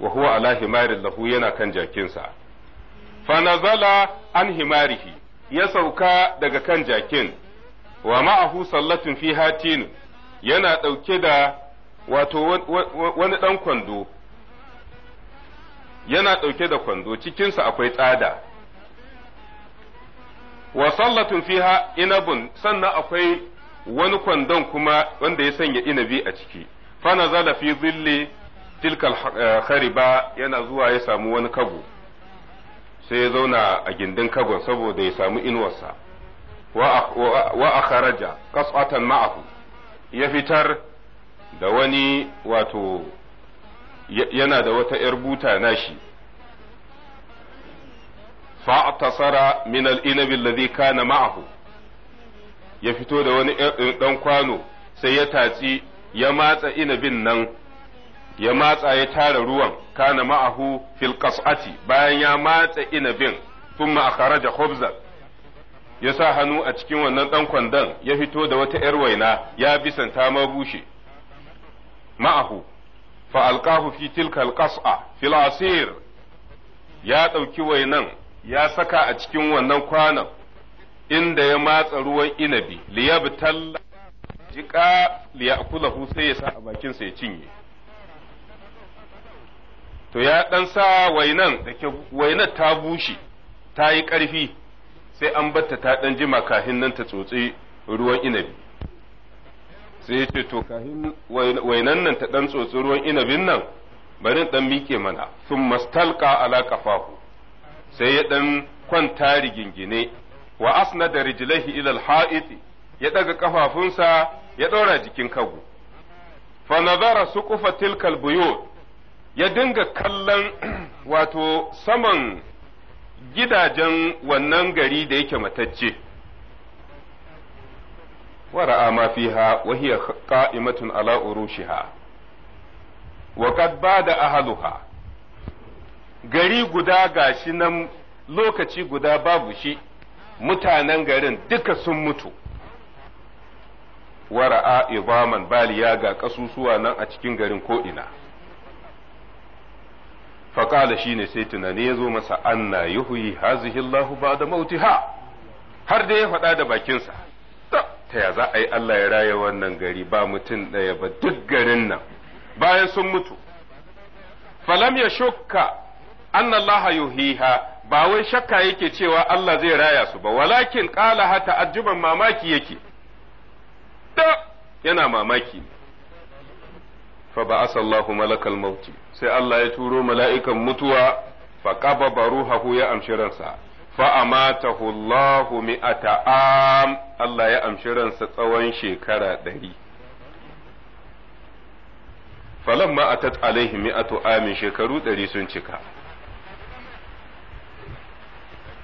A: wa huwa ala himarin lahu yana kan jakinsa fanazala an himarihi ya sauka daga kan jakin wa ma'ahu sallatin fi hatin yana ɗauke da wato wani ɗan kwando yana ɗauke da kwando cikinsa akwai tsada wa sallatun fiha inabun sannan akwai wani kwandon kuma wanda ya sanya inabi a ciki fa nazala fi zilli tilkal eh, khariba yana zuwa ya samu wani kago. sai ya zauna a gindin kagon saboda ya samu inuwarsa wa a kharaja kasatan ma'ahu ya fitar da wani wato yana da wata ‘yar buta nashi fa'atasara min al'inabin ladhi kana ma'ahu ya fito da wani ɗan kwano sai ya tatsi ya matsa inabin nan ya matsa ya tara ruwan kana ma'ahu fil qas'ati bayan ya matsa inabin thumma akharaja khubza ya sa hannu a cikin wannan dan kwandon ya fito da wata yar waina ya bisanta ma bushe ma'ahu fa alqahu fi tilka alqas'a fil asir ya dauki wainan ya saka a cikin wannan kwanan inda ya matsa ruwan inabi liyabtal Jika liyakulahu sai ya sa a bakinsa ya cinye to ya ɗan sa wainan da wainan ta bushe ta yi ƙarfi sai an batta ta ɗan jima kahin nan ta tsotsi ruwan inabi sai ya ce to kahin wainan nan ta ɗan tsotsi ruwan inabin nan bari ɗan miƙe mana sun mastalka ala kafahu sai ya ɗan kwanta rigingine wa asna da rijilaihi ilal ha'iti ya ɗaga ƙafafunsa ya ɗora jikin kagu fa nazara suqufa tilkal buyut ya dinga kallon wato saman gidajen wannan gari da yake matacce wara'a ma fiha wa hiya qa'imatun ala urushiha wa qad bada ahluha gari guda gashi nan lokaci guda babu shi mutanen garin duka sun mutu wara'a ibaman baliya ga ƙasusuwa nan a cikin garin ko'ina faƙala shi ne sai tunani ya zo masa anna yuhyi hazihi Allahu ba'da mautiha har da ya faɗa da bakinsa ta ya za a yi Allah ya raya wannan gari ba mutum ɗaya ba duk garin nan bayan sun mutu falam ya shukka anna Allah yuhiha ba wai shakka yake cewa Allah zai raya su ba walakin qala ha ta'ajjuban mamaki yake da yana mamaki fa ba'asa Allahu malakal maut sai Allah ya turo mala'ikan mutuwa fa qababa ruhahu ya amshi ransa fa amatahu Allahu mi'ata am Allah ya amshi ransa tsawon shekara ɗari falamma atat alaihi mi'atu amin shekaru ɗari sun cika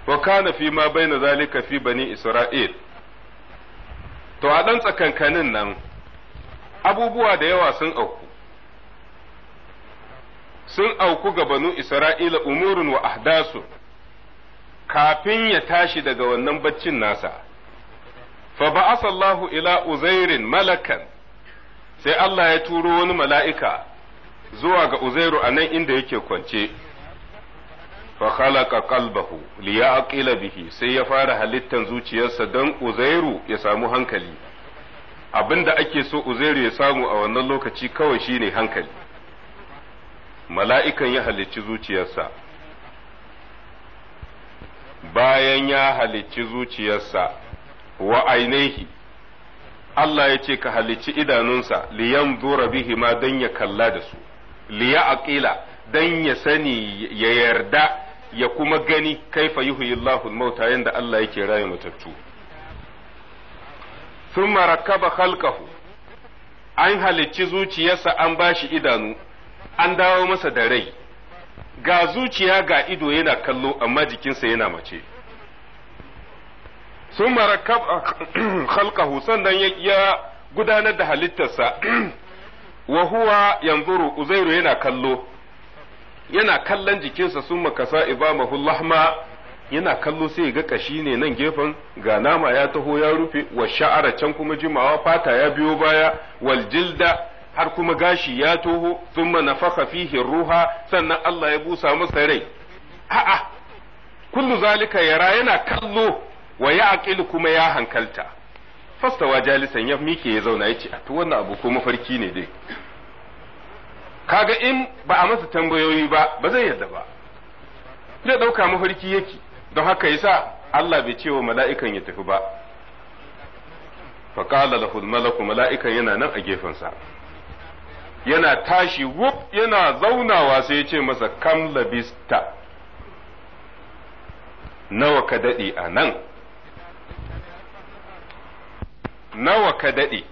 A: wa kana fi ma baina zalika fi bani isra'il to a ɗan tsakankanin nan abubuwa da yawa sun auku sun auku ga banu Isra'ila umurun wa ahdasu kafin ya tashi daga wannan baccin nasa. Fa ba'asallahu ila Uzairin malakan sai Allah ya turo wani mala'ika zuwa ga Uzairu a nan inda yake kwance. Fa khalaqa qalbahu yaqila bihi sai ya fara halittan zuciyarsa don Uzairu ya samu hankali. abinda da ake so Uzairu ya samu a wannan lokaci kawai shine hankali. mala'ikan ya halicci zuciyarsa bayan ya halicci zuciyarsa wa ainihi Allah ya ce ka halicci idanunsa liyan bihi ma don ya kalla da su liya aƙila don ya sani ya yarda ya kuma gani kaifa yuhyillahu mauta yadda Allah yake raye matattu sun rakkaba halkahu an halicci zuciyarsa an bashi idanu an dawo masa da rai ga zuciya ga ido yana kallo amma jikinsa yana mace sun mara halkahu sannan ya gudanar da halittarsa wa huwa yanzuru uzairu yana kallo yana kallon jikinsa sun makasa ibamahu lahma yana kallo sai ga kashi ne nan gefen ga nama ya taho ya rufe wa sha'ara can kuma jimawa fata ya biyo baya waljilda. har kuma gashi ya toho thumma nafakha fihi ruha sannan Allah ya busa masa rai a'a kullu zalika yara yana kallo wa ya ya'qil kuma ya hankalta fastawa jalisan ya mike ya zauna yace to wannan abu ko mafarki ne dai kaga in ba a masa tambayoyi ba ba zai yarda ba zai ɗauka mafarki yake don haka yasa Allah bai cewa mala'ikan ya tafi ba faqala lahul malaku mala'ikan yana nan a gefensa yana tashi wuf yana zaunawa sai ya ce masa kam labista nawa ka daɗe a nan nawa ka daɗe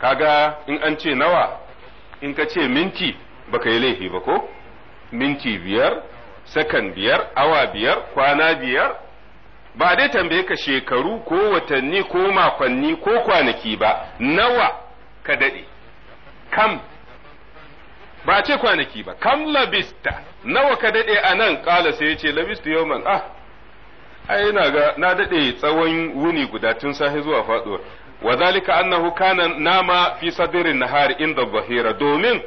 A: kaga in an ce nawa in ka ce minti baka yi laifi ba ko minti biyar sakan biyar awa biyar kwana biyar ba dai tambaye ka shekaru ko watanni ko makonni ko kwanaki ba nawa ka daɗe kam ba a ce kwanaki ba kam labista nawa ka dade a nan kala sai ya ce labista yawman ah ai na ga na dade tsawon wuni guda tun sahi zuwa faduwa wa zalika annahu kana nama fi sadrin nahar inda zahira domin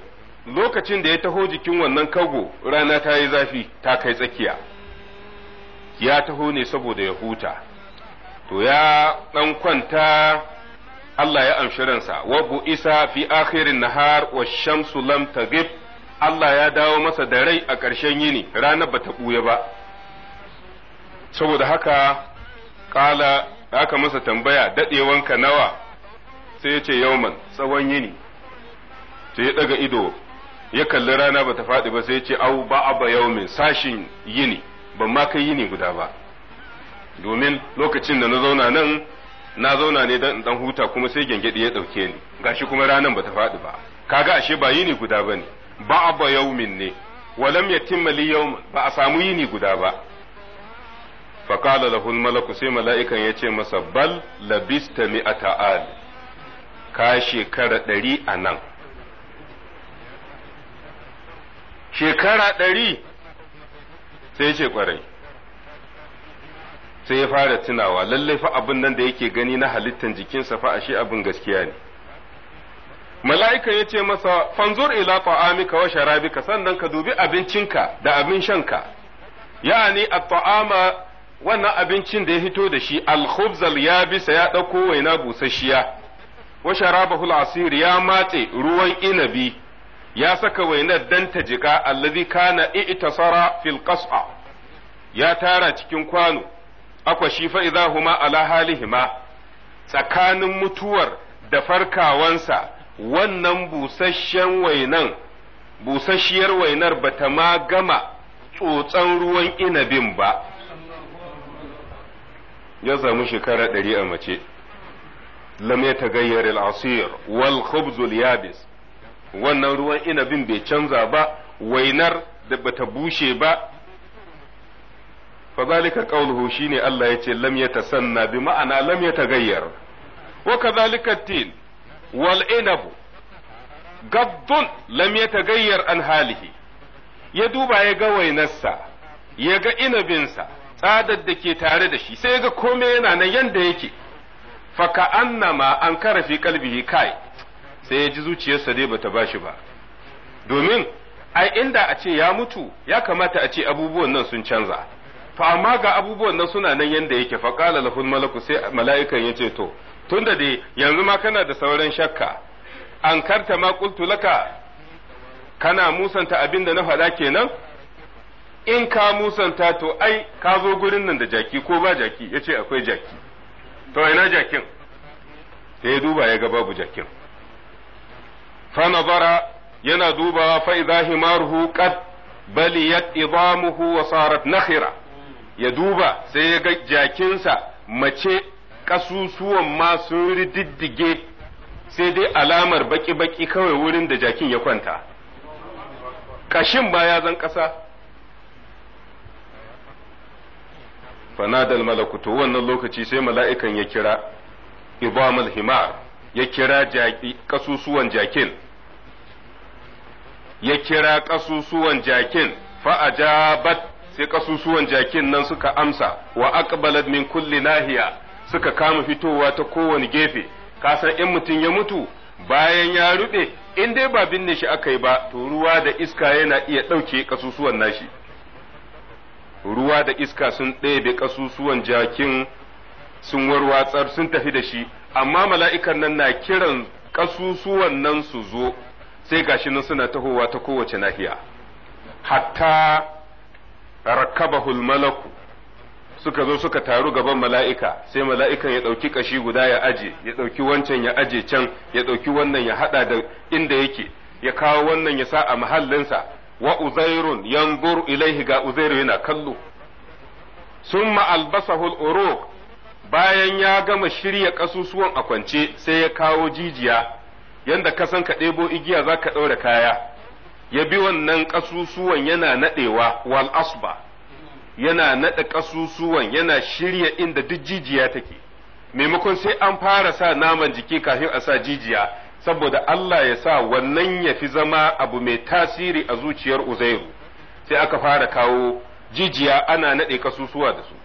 A: lokacin da ya taho jikin wannan kago rana ta yi zafi ta kai tsakiya ya taho ne saboda ya huta to ya dan kwanta Allah ya amshi ransa wa isa fi akhirin nahar wa shamsu lam tagib Allah ya dawo masa da rai a ƙarshen yini ranar bata buya ba saboda haka kala haka masa tambaya dadewanka nawa sai ya ce yauman tsawon yini sai ya daga ido ya kalli rana bata faɗi ba sai ya ce au ba aba yaumin sashin yini ban ma kai yini guda ba domin lokacin da na zauna nan na zauna ne dan dan huta kuma sai gengedi ya dauke ni gashi kuma ranan bata faɗi ba kaga ashe ba yini guda bane ba abba yaumin ne walam yatimma li yawm ba a samu yini guda ba fa qala lahu al malaku sai mala'ikan yace masa bal labista mi'ata al ka shekara ɗari a nan shekara ɗari sai ce kwarai sai ya fara tunawa lallai fa abin nan da yake gani na halittan jikinsa fa ashe abin gaskiya ne mala'ika ya ce masa fanzur ila ta'amika wa sharabika sannan ka dubi abincinka da abin shanka ya'ani at-ta'ama wannan abincin da ya fito da shi al-khubz al ya dauko waina busasshiya wa al asir ya matse ruwan inabi ya saka wainar danta jika allazi kana i'tasara fil qas'a ya tara cikin kwano akwa shi fa huma ala halihima tsakanin mutuwar da farkawansa wannan busasshen wainan busasshiyar wainar bata ma gama tsotsan ruwan inabin ba ya samu shekara ɗari a mace lam ya tagayyar al-asir wal khubzul yabis wannan ruwan inabin bai canza ba wainar da bata bushe ba fa zalika qawluhu shine Allah yace lam yatasanna bi ma'ana lam yataghayyar wa kadhalika at-tin wal inab gaddun lam yataghayyar an halihi ya duba ya ga wainarsa ya ga inabinsa tsadar da ke tare da shi sai ya ga komai yana nan yanda yake fa ka annama an kara fi kalbihi kai sai ya ji zuciyarsa dai bata bashi ba domin ai inda a ce ya mutu ya kamata a ce abubuwan nan sun canza fa amma ga abubuwan nan suna nan yanda yake fa qala lahul malaku sai mala'ikan yace to tunda dai yanzu ma kana da sauran shakka an karta ma qultu laka kana musanta abinda na faɗa kenan in ka musanta to ai ka zo gurin nan da jaki ko ba jaki yace akwai jaki to ina jakin sai ya duba ya ga babu jakin fa nazara yana dubawa fa idahi himaruhu qad baliyat idamuhu wa sarat nakhira ya duba sai ya ga jakinsa mace ƙasusuwan ma sun riddige sai dai alamar baki-baki kawai wurin da jakin ya kwanta ƙashin baya ya zan ƙasa fanadal malakuto wannan lokaci sai mala'ikan ya kira ibamul himar ya kira ƙasusuwan jakin ya kira ƙasusuwan jakin fa'ajabat sai kasusuwan jakin nan suka amsa wa aqbalat min kulli nahiya suka kama fitowa ta kowane gefe kasan in mutum ya mutu bayan ya rube in dai ba binne shi aka yi ba to ruwa da iska yana iya ɗauke kasusuwan nashi ruwa da iska sun ɗebe kasusuwan jakin sun warwatsar sun tafi da shi amma mala'ikan nan na kiran kasusuwan nan su zo sai gashi nan suna tahowa ta kowace nahiya hatta rakkabahu malaku suka zo suka taru gaban mala'ika sai mala'ikan ya ɗauki ƙashi guda ya aje ya ɗauki wancan ya aje can ya ɗauki wannan ya haɗa da inda yake ya kawo wannan ya sa a mahallinsa wa uzairun yanzur ilaihi ga uzairu yana kallo summa albasahul uruq bayan ya gama shirya ƙasusuwan a kwance sai ya kawo jijiya yanda ka san ka ɗebo igiya za ka ɗaura kaya ya bi wannan ƙasusuwan yana naɗewa wal asba yana naɗa ƙasusuwan yana shirya inda duk jijiya take maimakon sai an fara sa naman jiki kafin a sa jijiya saboda Allah ya sa wannan ya fi zama abu mai tasiri a zuciyar uzairu sai aka fara kawo jijiya ana naɗe ƙasusuwa da su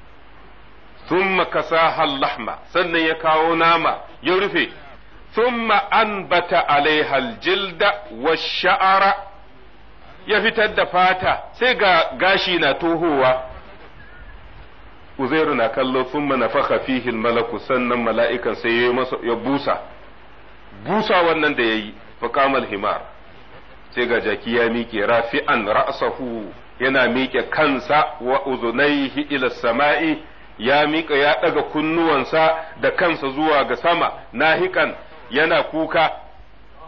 A: thumma kasaha lahma sannan ya kawo nama ya rufe thumma anbata alaihal jilda wa sha'ara ya fitar da fata sai ga gashi na tohowa uzairu na kallo sun mana faka malaku sannan mala'ikan sai ya masa ya busa busa wannan da ya yi fakamal himar sai ga jaki ya miƙe rafi'an ra'sahu yana miƙe kansa wa uzunaihi ila sama'i ya miƙa ya ɗaga kunnuwansa da kansa zuwa ga sama nahikan yana kuka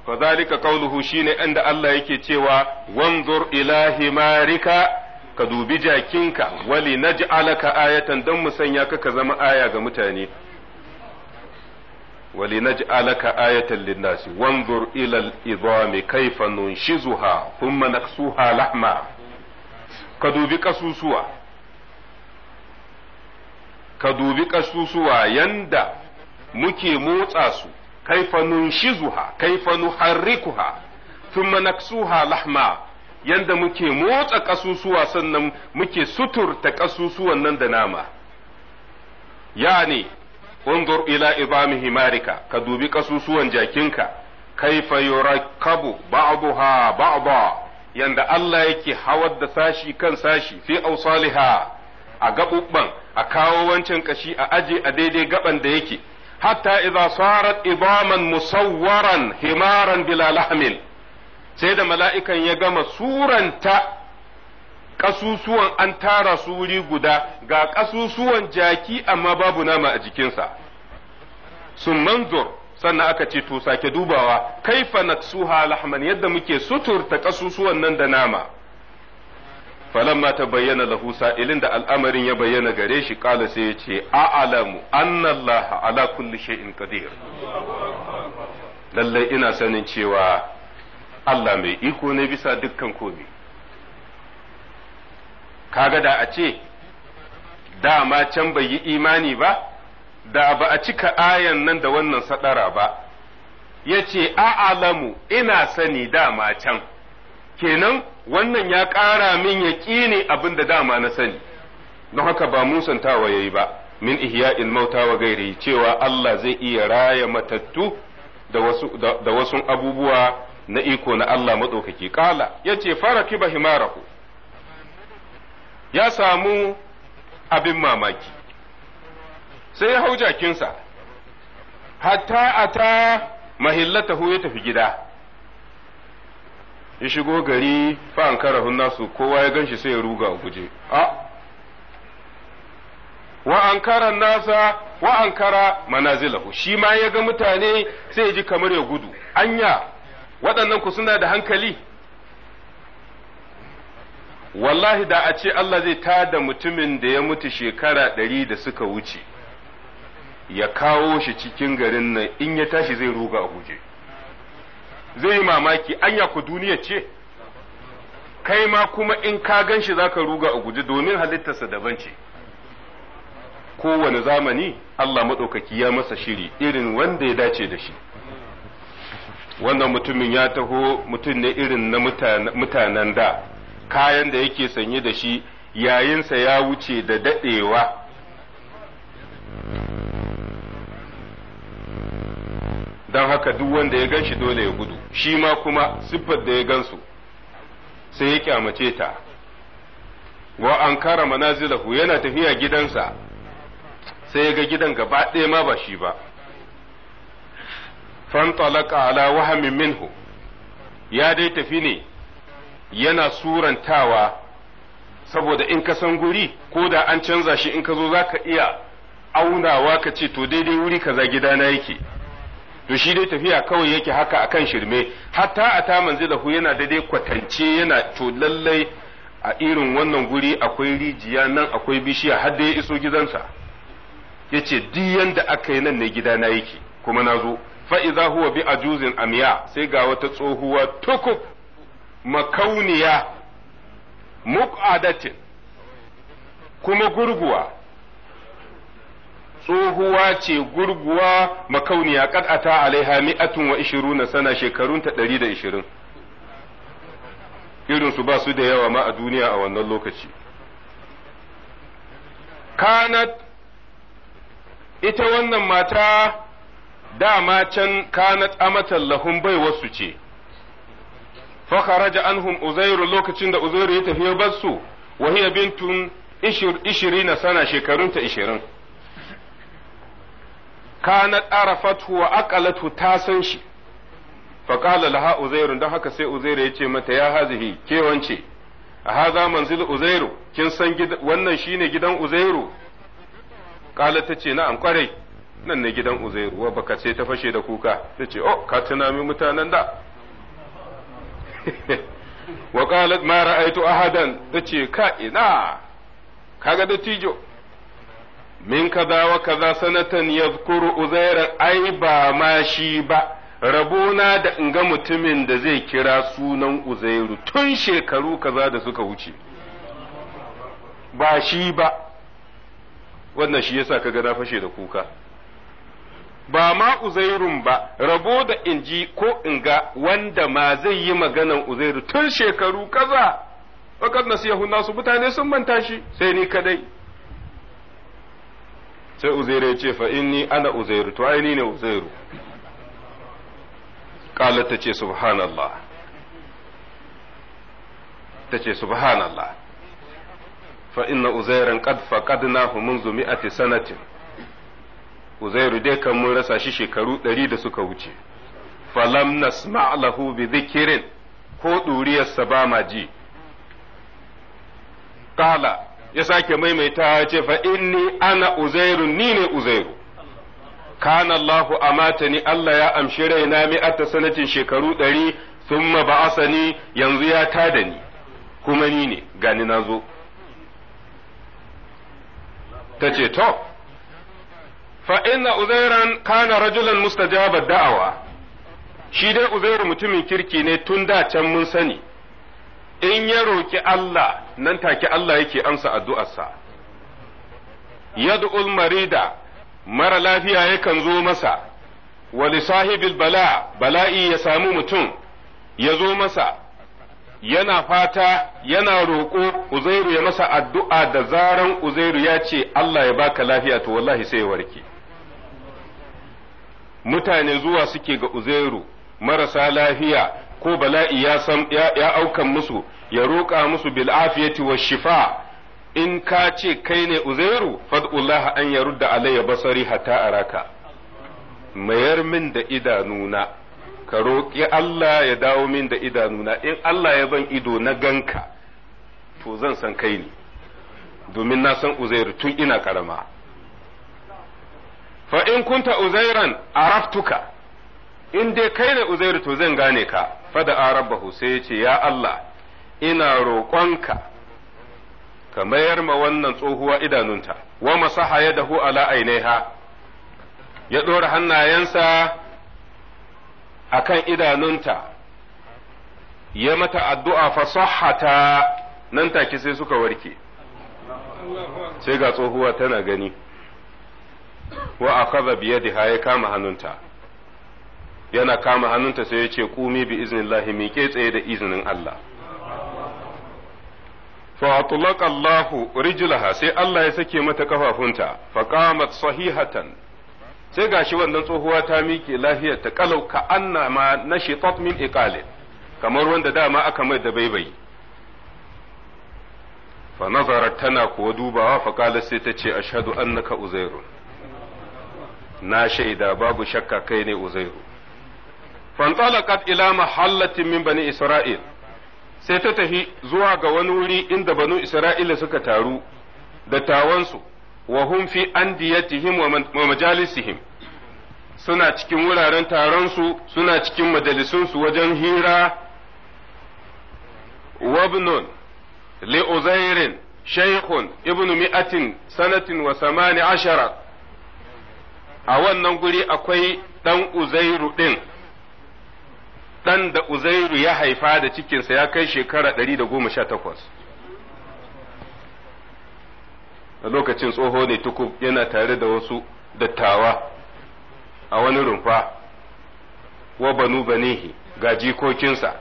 A: fa zalika qawluhu shine inda Allah yake cewa wanzur ila himarika ka dubi jakinka wali naj'alaka ayatan dan mu sanya ka ka zama aya ga mutane wali naj'alaka ayatan linnasi wanzur ila al-idami kayfa nunshizuha thumma naksuha lahma ka dubi kasusuwa ka dubi kasusuwa yanda muke motsa su kaifa nunshizuha kaifa tun thumma naksuha lahma yanda muke motsa ƙasusuwa sannan muke suturta kasusuwan nan da nama yani unzur ila ibami himarika ka dubi kasusuwan jakinka kaifa yurakkabu ba'daha ba'da yanda Allah yake hawar da sashi kan sashi fi saliha a gaɓuɓɓan a kawo wancan ƙashi a aje a daidai gaban da yake hatta idza sarat Ibaman musawwaran himaran bila lahmin sai da mala'ikan ya gama suranta ƙasusuwan an tara su wuri guda ga ƙasusuwan jaki amma babu nama a jikinsa sun manzur sannan aka ce to sake dubawa kaifa naksuha lahman yadda muke suturta ƙasusuwan nan da nama falamma ta bayyana lahu sa'ilin da al'amarin ya bayyana gare shi kala sai ya ce a'alamu annallaha ala kulli shay'in qadir lallai ina sanin cewa Allah mai iko ne bisa dukkan komi kaga da a ce da can bai yi imani ba da ba a cika ayan nan da wannan sadara ba yace ce a'alamu ina sani da can kenan wannan ya ƙara min yaƙini abin da dama na sani don haka ba musantawa yayi ba min in mauta wa gairi cewa Allah zai iya raya matattu da wasu abubuwa na iko na Allah ƙala ya ce fara kiba himaraku ya samu abin mamaki sai ya hau jakinsa hatta a ata mahillatahu ya tafi gida ya shigo gari fa an kara nasu kowa ya ganshi sai ya ruga a guje a wa an kara nasa wa an kara manazilahu shi ma ya ga mutane sai ya ji kamar ya gudu anya waɗannan ku suna da hankali wallahi da a ce Allah zai ta da mutumin da ya mutu shekara ɗari da suka wuce ya kawo shi cikin garin nan in ya tashi zai ruga a guje. zai yi mamaki anya ku duniya ce kai ma kuma in ka gan shi zaka ruga a guje domin halittarsa daban ce kowane zamani Allah maɗaukaki ya masa shiri irin wanda ya dace da shi wannan mutumin ya taho mutum ne irin na mutanen da kayan da yake sanye da shi yayinsa ya wuce da daɗewa don haka duk wanda ya gan shi dole ya gudu shi ma kuma siffar da ya gansu sai ya kyamace ta wa an kara manazilahu yana tafiya gidansa sai ya ga gidan gaba ɗaya ma ba shi ba fantalaka ala wahamin minhu ya dai tafi ne yana surantawa saboda in ka san guri ko da an canza shi in ka zo za ka iya aunawa ka ce to daidai wuri kaza gidana yake to shi dai tafiya kawai yake haka akan shirme hatta a ta manzilahu yana da dai kwatance yana to lallai a irin wannan guri akwai rijiya nan akwai bishiya har da ya iso gidansa yace duk yanda aka yi nan ne gida na yake kuma na zo fa'iza huwa bi ajuzin amiya sai ga wata tsohuwa tukuk. makauniya muqadatin kuma gurguwa tsohuwa ce gurguwa makauniya kad alaiha mi'atun wa ishiruna sana shekarun ta ɗari da ishirin irinsu ba su da yawa ma a duniya a wannan lokaci kanat ita wannan mata dama can kanat amatan lahun bai wasu ce fa anhum uzairu lokacin da uzairu ya tafi ya bar su wa bintun 20 sana ta ishirin. kanat arafatu wa aqalatu ta san shi fa qala laha uzair dan haka sai uzairu ce mata ya hazihi ke wance a haza manzil uzairu kin san wannan shine gidan uzairu qala ce na'am kwarai nan ne gidan uzairu wa baka sai ta fashe da kuka ce oh ka min mutanen da wa qalat ma ra'aytu ahadan ce ka ina kaga dattijo min kaza wa kaza sanatan yadhkuru uzairan ai ba ma shi ba rabona da in ga mutumin da zai kira sunan uzairu tun shekaru kaza da suka wuce ba shi ba wannan shi yasa kaga na fashe da kuka ba ma uzairun ba rabo da in ji ko in ga wanda ma zai yi maganan uzairu tun shekaru kaza wakar nasiyahu nasu mutane sun manta shi sai ni kadai sai uzairu ya ce fa inni ana uzairu to ai ni ne uzairu qalat ta ce subhanallah ta ce subhanallah fa inna uzairan qad faqadnahu منذ mi'ati sanatin uzairu dai kan mun rasa shi shekaru ɗari da suka wuce falam nasma' lahu bi dhikrin ko ɗuriyarsa ba ma ji qala ya sake maimaita ya ce fa inni ana uzairu ni ne uzairu kana Allah ni Allah ya amshi raina mi'ata sanatin shekaru ɗari ba'asa ni yanzu ya ta da ni kuma ni ne gani na zo ta ce to fa inna uzairan kana rajulan mustajaba da'awa shi dai uzairu mutumin kirki ne tun da can mun sani in ya roki Allah nan take Allah yake amsa addu'arsa yad'ul marida mara lafiya yakan zo masa Wani sahibil bala bala'i ya samu mutum ya zo masa yana fata yana roƙo uzairu ya masa addu'a da zaran uzairu ya ce Allah ya baka lafiya to wallahi sai ya warke mutane zuwa suke ga uzairu marasa lafiya ko bala'i ya auka musu ya roƙa musu bil afiyati wa shifa in ka ce kai ne uzairu fad'ullah an yarudda alayya basari hatta araka mayar min da idanuna ka roƙi Allah ya dawo min da idanuna in Allah ya ban ido na ganka to zan san kai ne domin na san uzairu tun ina karama fa in kunta uzairan araftuka in dai kai ne uzairu to zan gane ka fada arabahu sai ya ce ya Allah ina roƙonka ka mayar ma wannan tsohuwa idanunta wa masaha ya dahu ala ainiha ya ɗora hannayensa a kan idanunta ya mata addu'a fasahata nan take sai suka warke sai ga tsohuwa tana gani wa a biya diha ya kama hannunta yana kama hannunta sai ya ce kumi bi iznillahi miƙe tsaye da izinin Allah fa atlaqa Allahu rijlaha sai Allah ya sake mata kafafunta fa qamat sahihatan sai gashi wannan tsohuwa ta miƙe lafiyar ta kalau ka anna ma nashitat min iqalin kamar wanda dama aka mai da baibai fa nazarat tana kuwa dubawa fa qalat sai ta ce ashhadu annaka uzairu na shaida babu shakka kai ne uzairu fantalaqat ila mahallatin min bani isra'il sai ta tafi zuwa ga wani wuri inda banu isra'ila suka taru da tawansu wa hum fi andiyatihim wa majalisihim suna cikin wuraren taron su suna cikin majalisunsu wajen hira wabnun li'uzairin shaykhun ibnu mi'atin sanatin wa samani ashara a wannan guri akwai ɗan uzairu ɗin ɗan da Uzairu ya haifa da cikinsa ya kai shekara ɗari da goma sha takwas. A lokacin tsoho ne tukub yana tare da wasu dattawa a wani rumfa wa banu banihi ga jikokinsa.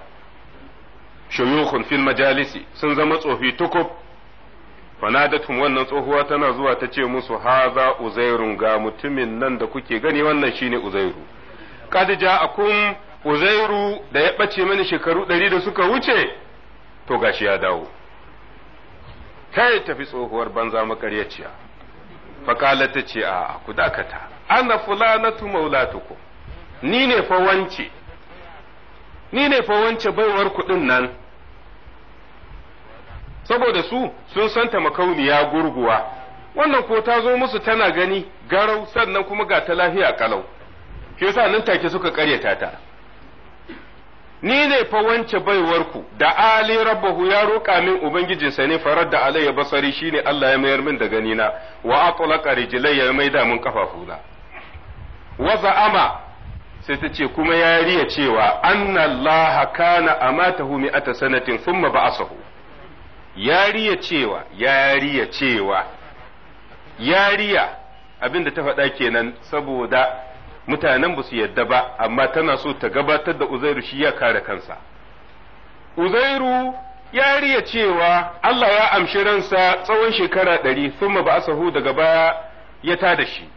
A: shuyukhun fil majalisi sun zama tsofi tukub fanadatun wannan tsohuwa tana zuwa ta ce musu haza uzairun ga mutumin nan da kuke gani wannan shine uzairu a ja'akum uzairu da ya ɓace mani shekaru ɗari da suka wuce to gashi ya dawo kai tafi tsohuwar banza makaryaciya fakala ta ce a ku dakata ana fulanatu maulatuku ni ne fa ni ne fa wance baiwar kuɗin nan saboda su sun santa makauniya gurguwa wannan ko ta zo musu tana gani garau sannan kuma ga ta lafiya kalau Ke sa nan take suka karyata ta ni ne fa wance baiwarku da ali rabbahu ya roƙa min ubangijinsa ne farar da alayya basari shine Allah ya mayar min da ganina wa atlaqa rijlai ya maida min kafafuna wa za'ama sai ta ce kuma ya riya cewa anna Allah kana amatahu mi'ata sanatin thumma ba'asahu ya riya cewa ya riya cewa ya riya abinda ta faɗa kenan saboda mutanen ba su yadda ba amma tana so ta gabatar da uzairu shi ya kare kansa uzairu ya riya cewa Allah ya amshi ransa tsawon shekara ɗari sun ba sahu daga baya ya ta da shi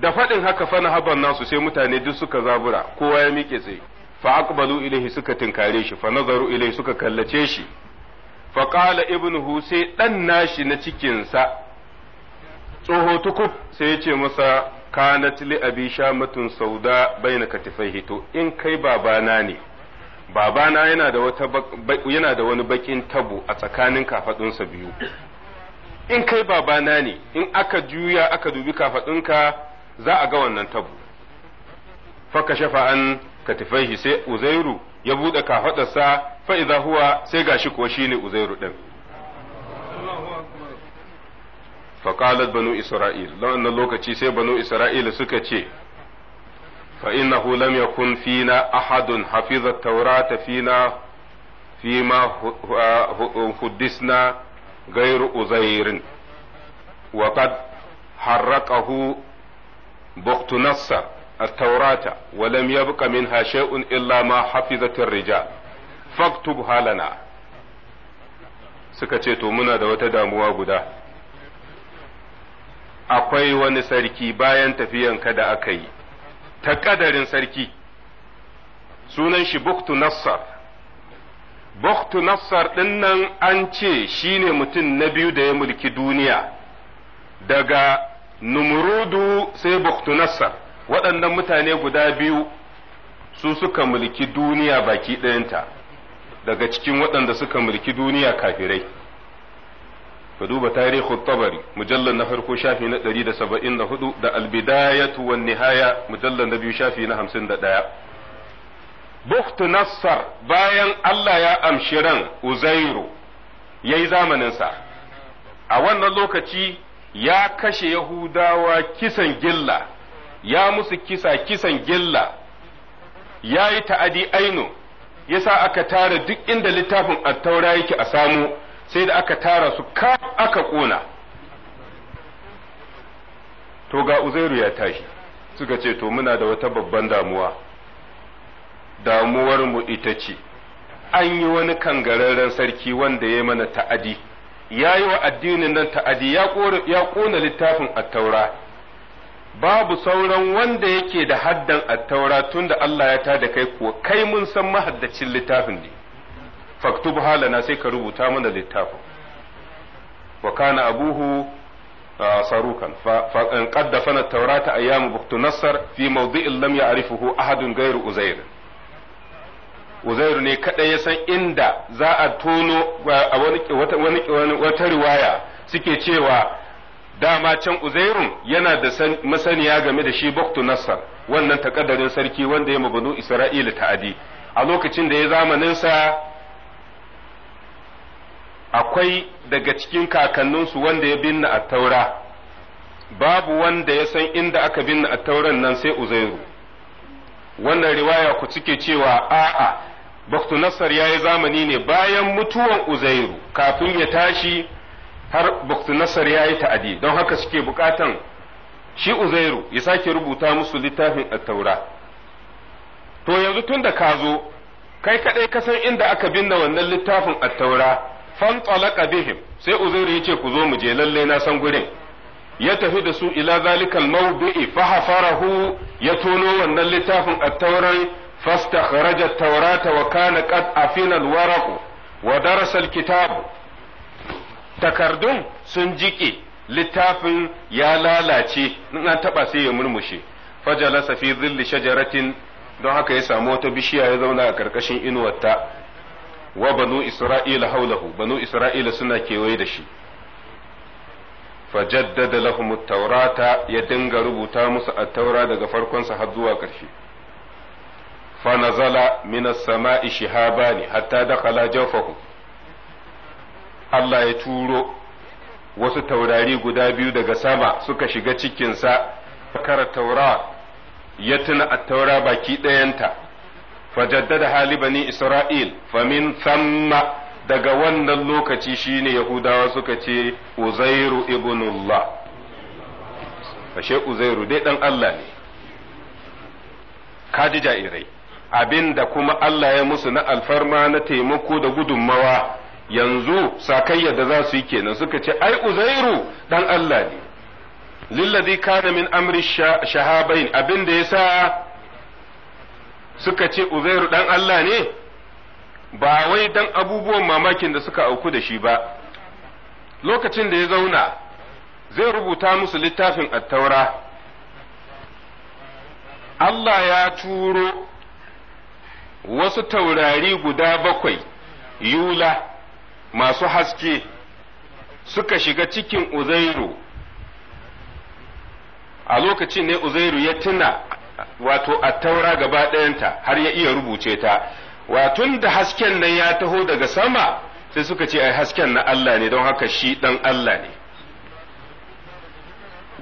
A: da faɗin haka fana haban nasu sai mutane duk suka zabura kowa ya miƙe tsaye fa aqbalu suka tinkare shi fa nazaru suka kallace shi fa qala ibnuhu sai dan nashi na cikinsa sa tsoho tukub sai ya ce masa kanat li abi shamatun sauda baina katifaihi to in kai babana ne babana yana da wata yana da wani bakin tabo a tsakanin kafadunsa biyu in kai babana ne in aka juya aka dubi kafadunka za a ga wannan tabo faka shafa an katifaihi sai uzairu ya bude kafadarsa fa idza huwa sai gashi kuwa shine uzairu din فقالت بنو إسرائيل لأن لوكتي سي بنو إسرائيل سكتي فإنه لم يكن فينا أحد حفظ التوراة فينا فيما حدثنا غير أزير وقد حرقه بخت نصر التوراة ولم يبق منها شيء إلا ما حفظت الرجال فاكتبها لنا سكتي to muna da wata damuwa guda akwai wani sarki bayan tafiyanka da aka yi ta kadarin sarki sunan shi buktu nassar buktu nassar dinnan an ce shine mutum na biyu da ya mulki duniya daga numurudu sai buktu nassar waɗannan mutane guda biyu su suka mulki duniya baki ɗayanta daga cikin waɗanda suka mulki duniya kafirai ka duba tarihu tabari mujallar na farko shafi na 174 da albidayatu wan nihaya mujallar na biyu shafi na 51 buktu nassar bayan Allah ya amshi ran uzairu yayi zamaninsa a wannan lokaci ya kashe yahudawa kisan gilla ya musu kisa kisan gilla ya yi ta'adi aino yasa aka tara duk inda littafin attaura yake a samu sai da aka tara su ka aka ƙona to ga uzairu ya tashi suka ce to muna da wata babban damuwa damuwar mu ita ce an yi wani kangararren sarki wanda ya mana ta'adi ya yi wa addinin nan ta'adi ya ƙona littafin attaura babu sauran wanda yake da haddan attaura tun da Allah ya tada kai kuwa kai mun san mahaddacin littafin ne faktub halana sai ka rubuta mana littafin wa kana abuhu sarukan fa qad dafana tawrata ayyamu buktu nasar fi mawdi'in lam ya'rifuhu ahadun ghayru uzair uzair ne kadai ya san inda za a tono a wani wata riwaya suke cewa dama can uzairun yana da masaniya game da shi buktu nasar wannan takaddarin sarki wanda ya mabanu isra'ila ta'adi a lokacin da ya zamanin sa. akwai daga cikin kakanninsu wanda ya binne taura babu wanda ya san inda aka binne tauran nan sai uzairu wannan riwaya ku cike cewa a'a baktu nasar ya yi zamani ne bayan mutuwan uzairu kafin ya tashi har baktu nasar ya yi ta'adi don haka suke bukatan shi uzairu ya sake rubuta musu littafin taura to yanzu tun da ka zo kai kadai ka san inda aka binne wannan littafin taura. fantalaka bihim sai uzairu yace ku zo mu je lalle na san gurin ya tafi da su ila zalikal mawdi'i fa hafarahu ya tono wannan littafin at-tauran fastakhraja at-taurata wa kana qad afina al-waraq wa darasa al-kitab takardun sun jike littafin ya lalace in an taba sai ya murmushe fajalasa fi dhilli shajaratin don haka ya samu wata bishiya ya zauna a karkashin inuwarta wa banu isra'ila haulahu banu isra'ila suna kewaye da shi jaddada lahum taurata ya dinga rubuta musu at-taura daga farkonsa har zuwa ƙarshe fanazala minas sama'i shihabani hatta dakhala jawfahu Allah ya turo wasu taurari guda biyu daga sama suka shiga cikinsa kara taura ya tuna at-taura baki ɗayanta fajaddada hali bani isra'il famin thamma daga wannan lokaci shine yahudawa suka ce uzairu ibnullah ashe uzairu dai dan Allah ne kaji jairai abinda kuma Allah ya musu na alfarma na taimako da gudunmawa yanzu sakayya da za su yi kenan suka ce ai uzairu dan Allah ne lillazi kana min amri shahabain abinda yasa suka ce Uzairu ɗan Allah ne, ba wai dan abubuwan mamakin da suka auku da shi ba, lokacin da ya zauna zai rubuta musu littafin attaura. Allah ya turo wasu taurari guda bakwai yula masu haske suka shiga cikin Uzairu. a lokacin ne Uzairu ya tuna wato attaura gaba ɗayanta har ya iya rubuce ta wa tun da hasken nan ya taho daga sama sai suka ce ai hasken na Allah ne don haka shi dan Allah ne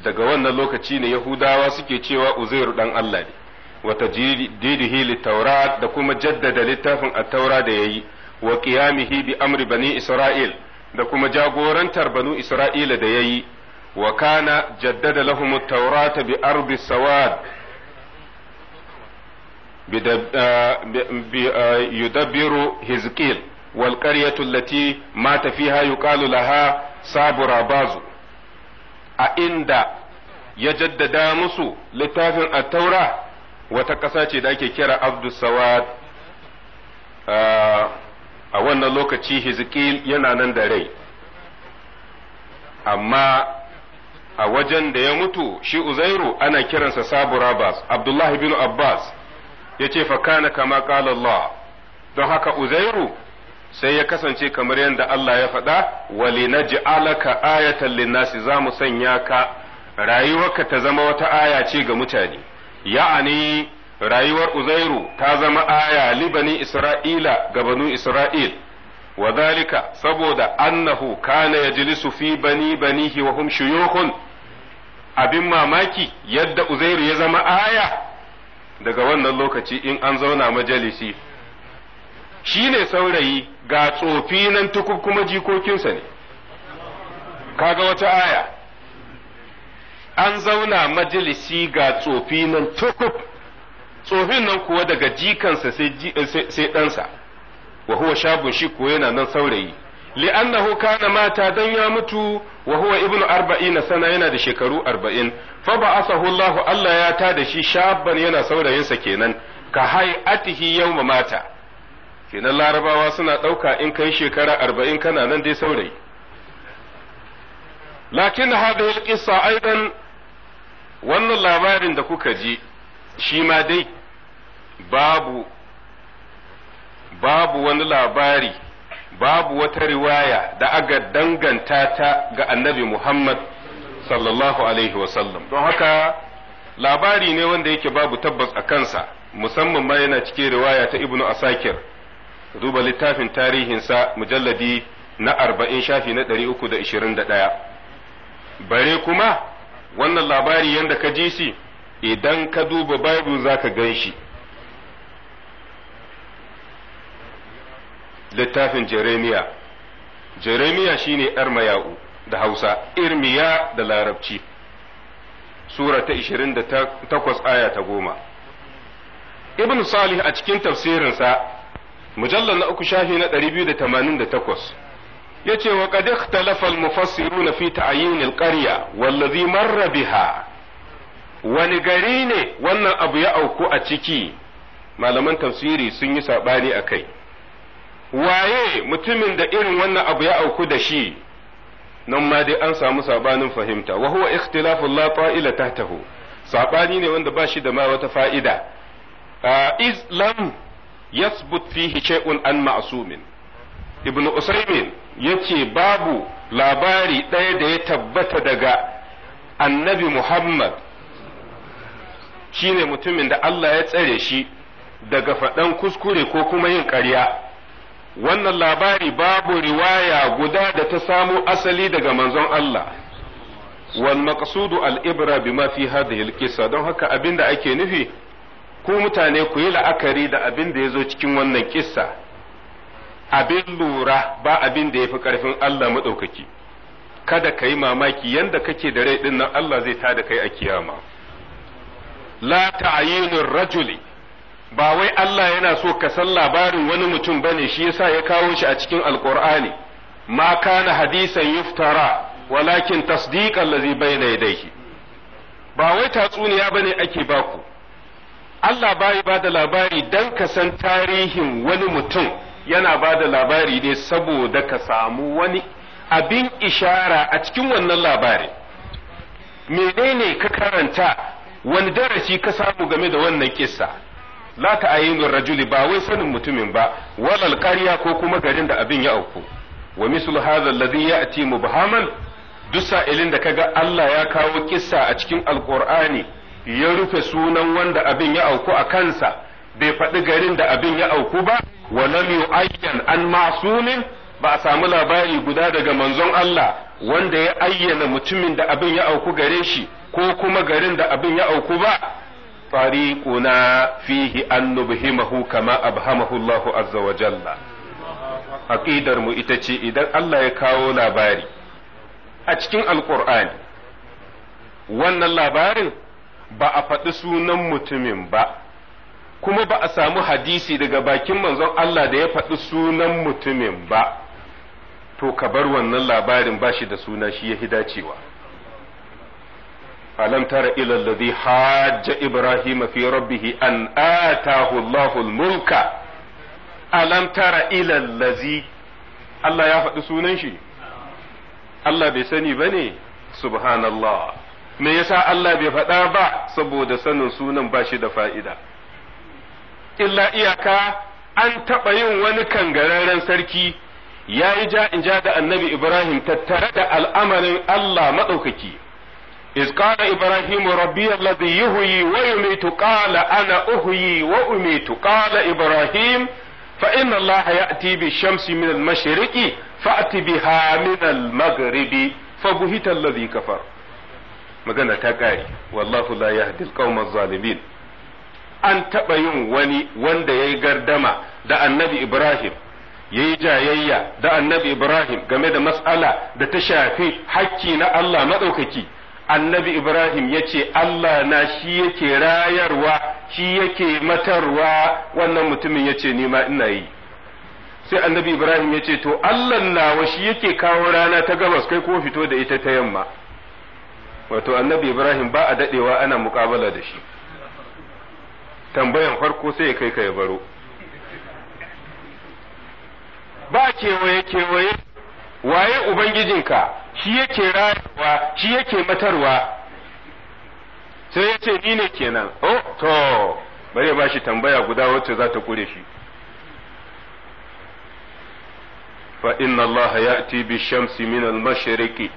A: daga wannan lokaci ne yahudawa suke cewa uzairu dan Allah ne wata jidihi littaurat da kuma jaddada littafin taura da yayi wa qiyamihi bi amri bani isra'il da kuma jagorantar banu isra'ila da yayi wa kana jaddada lahumu at-taurata bi arbi sawad yudabbiru hizqil wal ma allati mata fiha yuqalu laha sabura bazu a inda ya jaddada musu littafin at-taura wata ƙasa ce da ake kira abdus a wannan lokaci hizqil yana nan da rai amma a wajen da ya mutu shi uzairu ana kiransa sabu rabas abdullahi bin abbas ya fa kana kama kala Allah don haka uzairu sai ya kasance kamar yadda Allah ya faɗa wali alaka ayatan linnasi za mu sanya ka rayuwarka ta zama wata aya ce ga mutane ya'ani rayuwar uzairu ta zama aya libani isra'ila ga banu isra'il wa saboda annahu kana yajlisu fi bani banihi wa hum shuyukhun abin mamaki yadda uzairu ya zama aya daga wannan lokaci in an zauna majalisi shi ne saurayi ga tsofi nan tukub kuma jikokinsa ne kaga wata aya an zauna majalisi ga tsofi nan tukub tsofin nan kuwa daga jikansa sai ɗansa wa huwa shabun shi kuwa yana nan saurayi li'annahu kana mata dan ya mutu wa huwa ibnu arba'in sana yana da shekaru arba'in fa ba'asahu Allah Allah ya ta da shi shaban yana saurayinsa kenan ka hay'atihi yawma mata kenan larabawa suna ɗauka in kai shekara arba'in kana nan dai saurayi lakin hadhihi alqissa aidan wannan labarin da kuka je shi ma dai babu babu wani labari babu wata riwaya da aka danganta ta ga annabi Muhammad sallallahu alaihi wasallam don haka labari ne wanda yake babu tabbas a kansa musamman ma yana cikin riwaya ta ibnu asakir duba littafin tarihinsa mujalladi na arba'in shafi na ɗari uku da ishirin da ɗaya bare kuma wannan labari yadda ka ji shi idan ka duba babu za ka gan shi littafin jeremiya jeremiya shine maya'u da hausa irmiya da larabci sura ta 28 aya ta goma ibn salih a cikin tafsirinsa mujallar na uku shafi na 288 yace wa qad talafal mufassiru na fi ta'yin al-qarya wallazi marra wani gari ne wannan abu ya auku a ciki malaman tafsiri sun yi a kai. waye mutumin da irin wannan abu ya auku da shi nan ma dai an samu sabanin fahimta wa huwa ikhtilaful la ta'ila tahtahu sabani ne wanda ba shi da ma wata fa'ida iz lam yasbut fihi shay'un an ma'sumin ibn usaymin yace babu labari ɗaya da ya tabbata daga annabi muhammad shine mutumin da Allah ya tsare shi daga faɗan kuskure ko kuma yin ƙarya wannan labari babu riwaya guda da ta samo asali daga manzon Allah wal maqsudu al ibra bima fi hadhihi al qissa don haka abinda ake nufi ku mutane ku yi la'akari da abin da yazo cikin wannan kissa abin lura ba abin da yafi karfin Allah madaukaki kada kai mamaki yanda kake da rai din Allah zai tada kai a kiyama la ta'yinur rajuli ba wai Allah yana so ka san labarin wani mutum bane shi yasa ya kawo shi a cikin alqur'ani ma kana hadisan yuftara walakin tasdiqan allazi bayna yadayhi ba wai tatsuniya bane ake baku Allah bai ba da labari dan ka san tarihin wani mutum yana ba da labari ne saboda ka samu wani abin ishara a cikin wannan labari menene ka karanta wani darasi ka samu game da wannan kissa la ta'ayinur rajuli ba wai sanin mutumin ba walal karya ko kuma garin da abin ya auku wa mislu hadha alladhi ya'ti mubhaman duk sa'ilin da kaga Allah ya kawo kissa a cikin alqur'ani ya rufe sunan wanda abin ya auku a kansa bai faɗi garin da abin ya auku ba wa lam yu'ayyan an ma'sumin ba a samu labari guda daga manzon Allah wanda ya ayyana mutumin da abin ya auku gare shi ko kuma garin da abin ya auku ba طريقنا فيه أن نبهمه كما أبهمه الله عز وجل aƙidar mu ita ce idan Allah ya kawo labari a cikin alƙur'ani wannan labarin ba a faɗi sunan mutumin ba kuma ba a samu hadisi daga bakin manzon Allah da ya faɗi sunan mutumin ba to ka bar wannan labarin ba shi da suna shi ya dacewa alam tara ila alladhi hajja ibrahima fi rabbih an atahu Allahu mulka alam tara ila Allah ya faɗi sunan shi Allah bai sani bane subhanallah me yasa Allah bai faɗa ba saboda sanin sunan ba shi da fa'ida illa iyaka an taɓa yin wani kangararren sarki ya yi ja in ja da annabi Ibrahim tattare da al'amarin Allah maɗaukaki. إذ قال إبراهيم ربي الذي يهوي ويميت قال أنا أهوي وأميت قال إبراهيم فإن الله يأتي بالشمس من المشرق فأت بها من المغرب فبهت الذي كفر magana ta ƙare wallahu la yahdi alqawma zalimin an taɓa yin wani wanda ya gardama da annabi ibrahim ya jayayya da annabi ibrahim game da matsala da ta shafi hakki na allah maɗaukaki annabi Ibrahim ya ce Allah na shi yake rayarwa shi yake matarwa wannan mutumin ya ce nima ina yi sai annabi Ibrahim ya ce to Allah nawa shi yake kawo rana ta gabas kai ko fito da ita ta yamma wato annabi Ibrahim ba a dadewa ana mukabala da shi tambayan farko sai ya kai ka ya baro ba kewaye kewaye waye ubangijinka shi yake rayuwa shi yake matarwa sai ya ce ni ne kenan oh to bare ba shi tambaya guda wacce za ta kure shi fa inna Allah ya'ti bi shamsi min al-mashriqi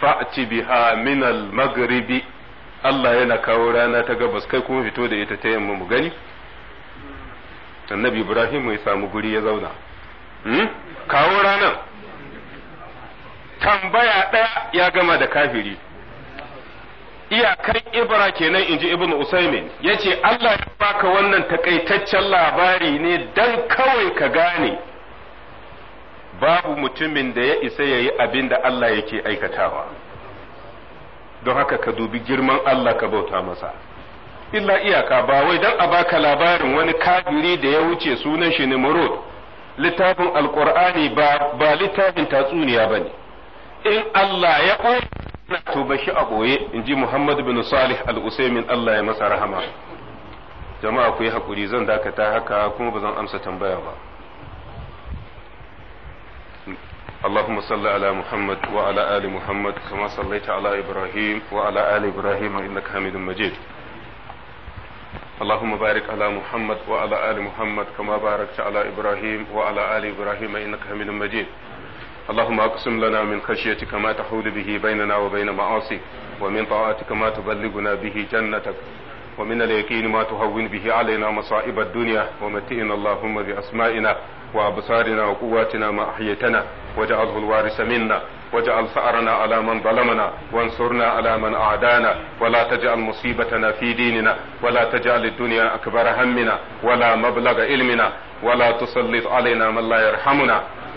A: fa'ti biha min al-maghribi Allah yana kawo rana ta gabas kai kuma fito da ita ta yamma mu gani annabi Ibrahim ya samu guri ya zauna hmm? kawo ranan tambaya ɗaya ya gama da kafiri iyakan ibra kenan in ji ibn usaimin ya ce allah ya baka wannan takaitaccen labari ne don kawai ka gane babu mutumin da ya isa ya yi abin da allah yake aikatawa don haka ka dubi girman allah ka bauta masa illa iyaka ba wai don a baka labarin wani kafiri da ya wuce sunan shi murod littafin alkur'ani ba littafin tatsuniya ba ne in Allah ya ɓoye to ba shi a ɓoye in ji Muhammad bin Salih al-Usaimin Allah ya masa rahama jama'a ku yi haƙuri zan dakata haka kuma ba zan amsa tambaya ba اللهم صل على محمد وعلى آل محمد كما صليت على إبراهيم وعلى آل إبراهيم إنك حميد مجيد اللهم بارك على محمد وعلى آل محمد كما باركت على إبراهيم وعلى آل إبراهيم إنك حميد مجيد اللهم اقسم لنا من خشيتك ما تحول به بيننا وبين معاصيك ومن طاعتك ما تبلغنا به جنتك ومن اليقين ما تهون به علينا مصائب الدنيا ومتئنا اللهم بأسمائنا وأبصارنا وقواتنا ما أحيتنا واجعله الوارث منا واجعل ثأرنا على من ظلمنا وانصرنا على من أعدانا ولا تجعل مصيبتنا في ديننا ولا تجعل الدنيا أكبر همنا ولا مبلغ علمنا ولا تسلط علينا من لا يرحمنا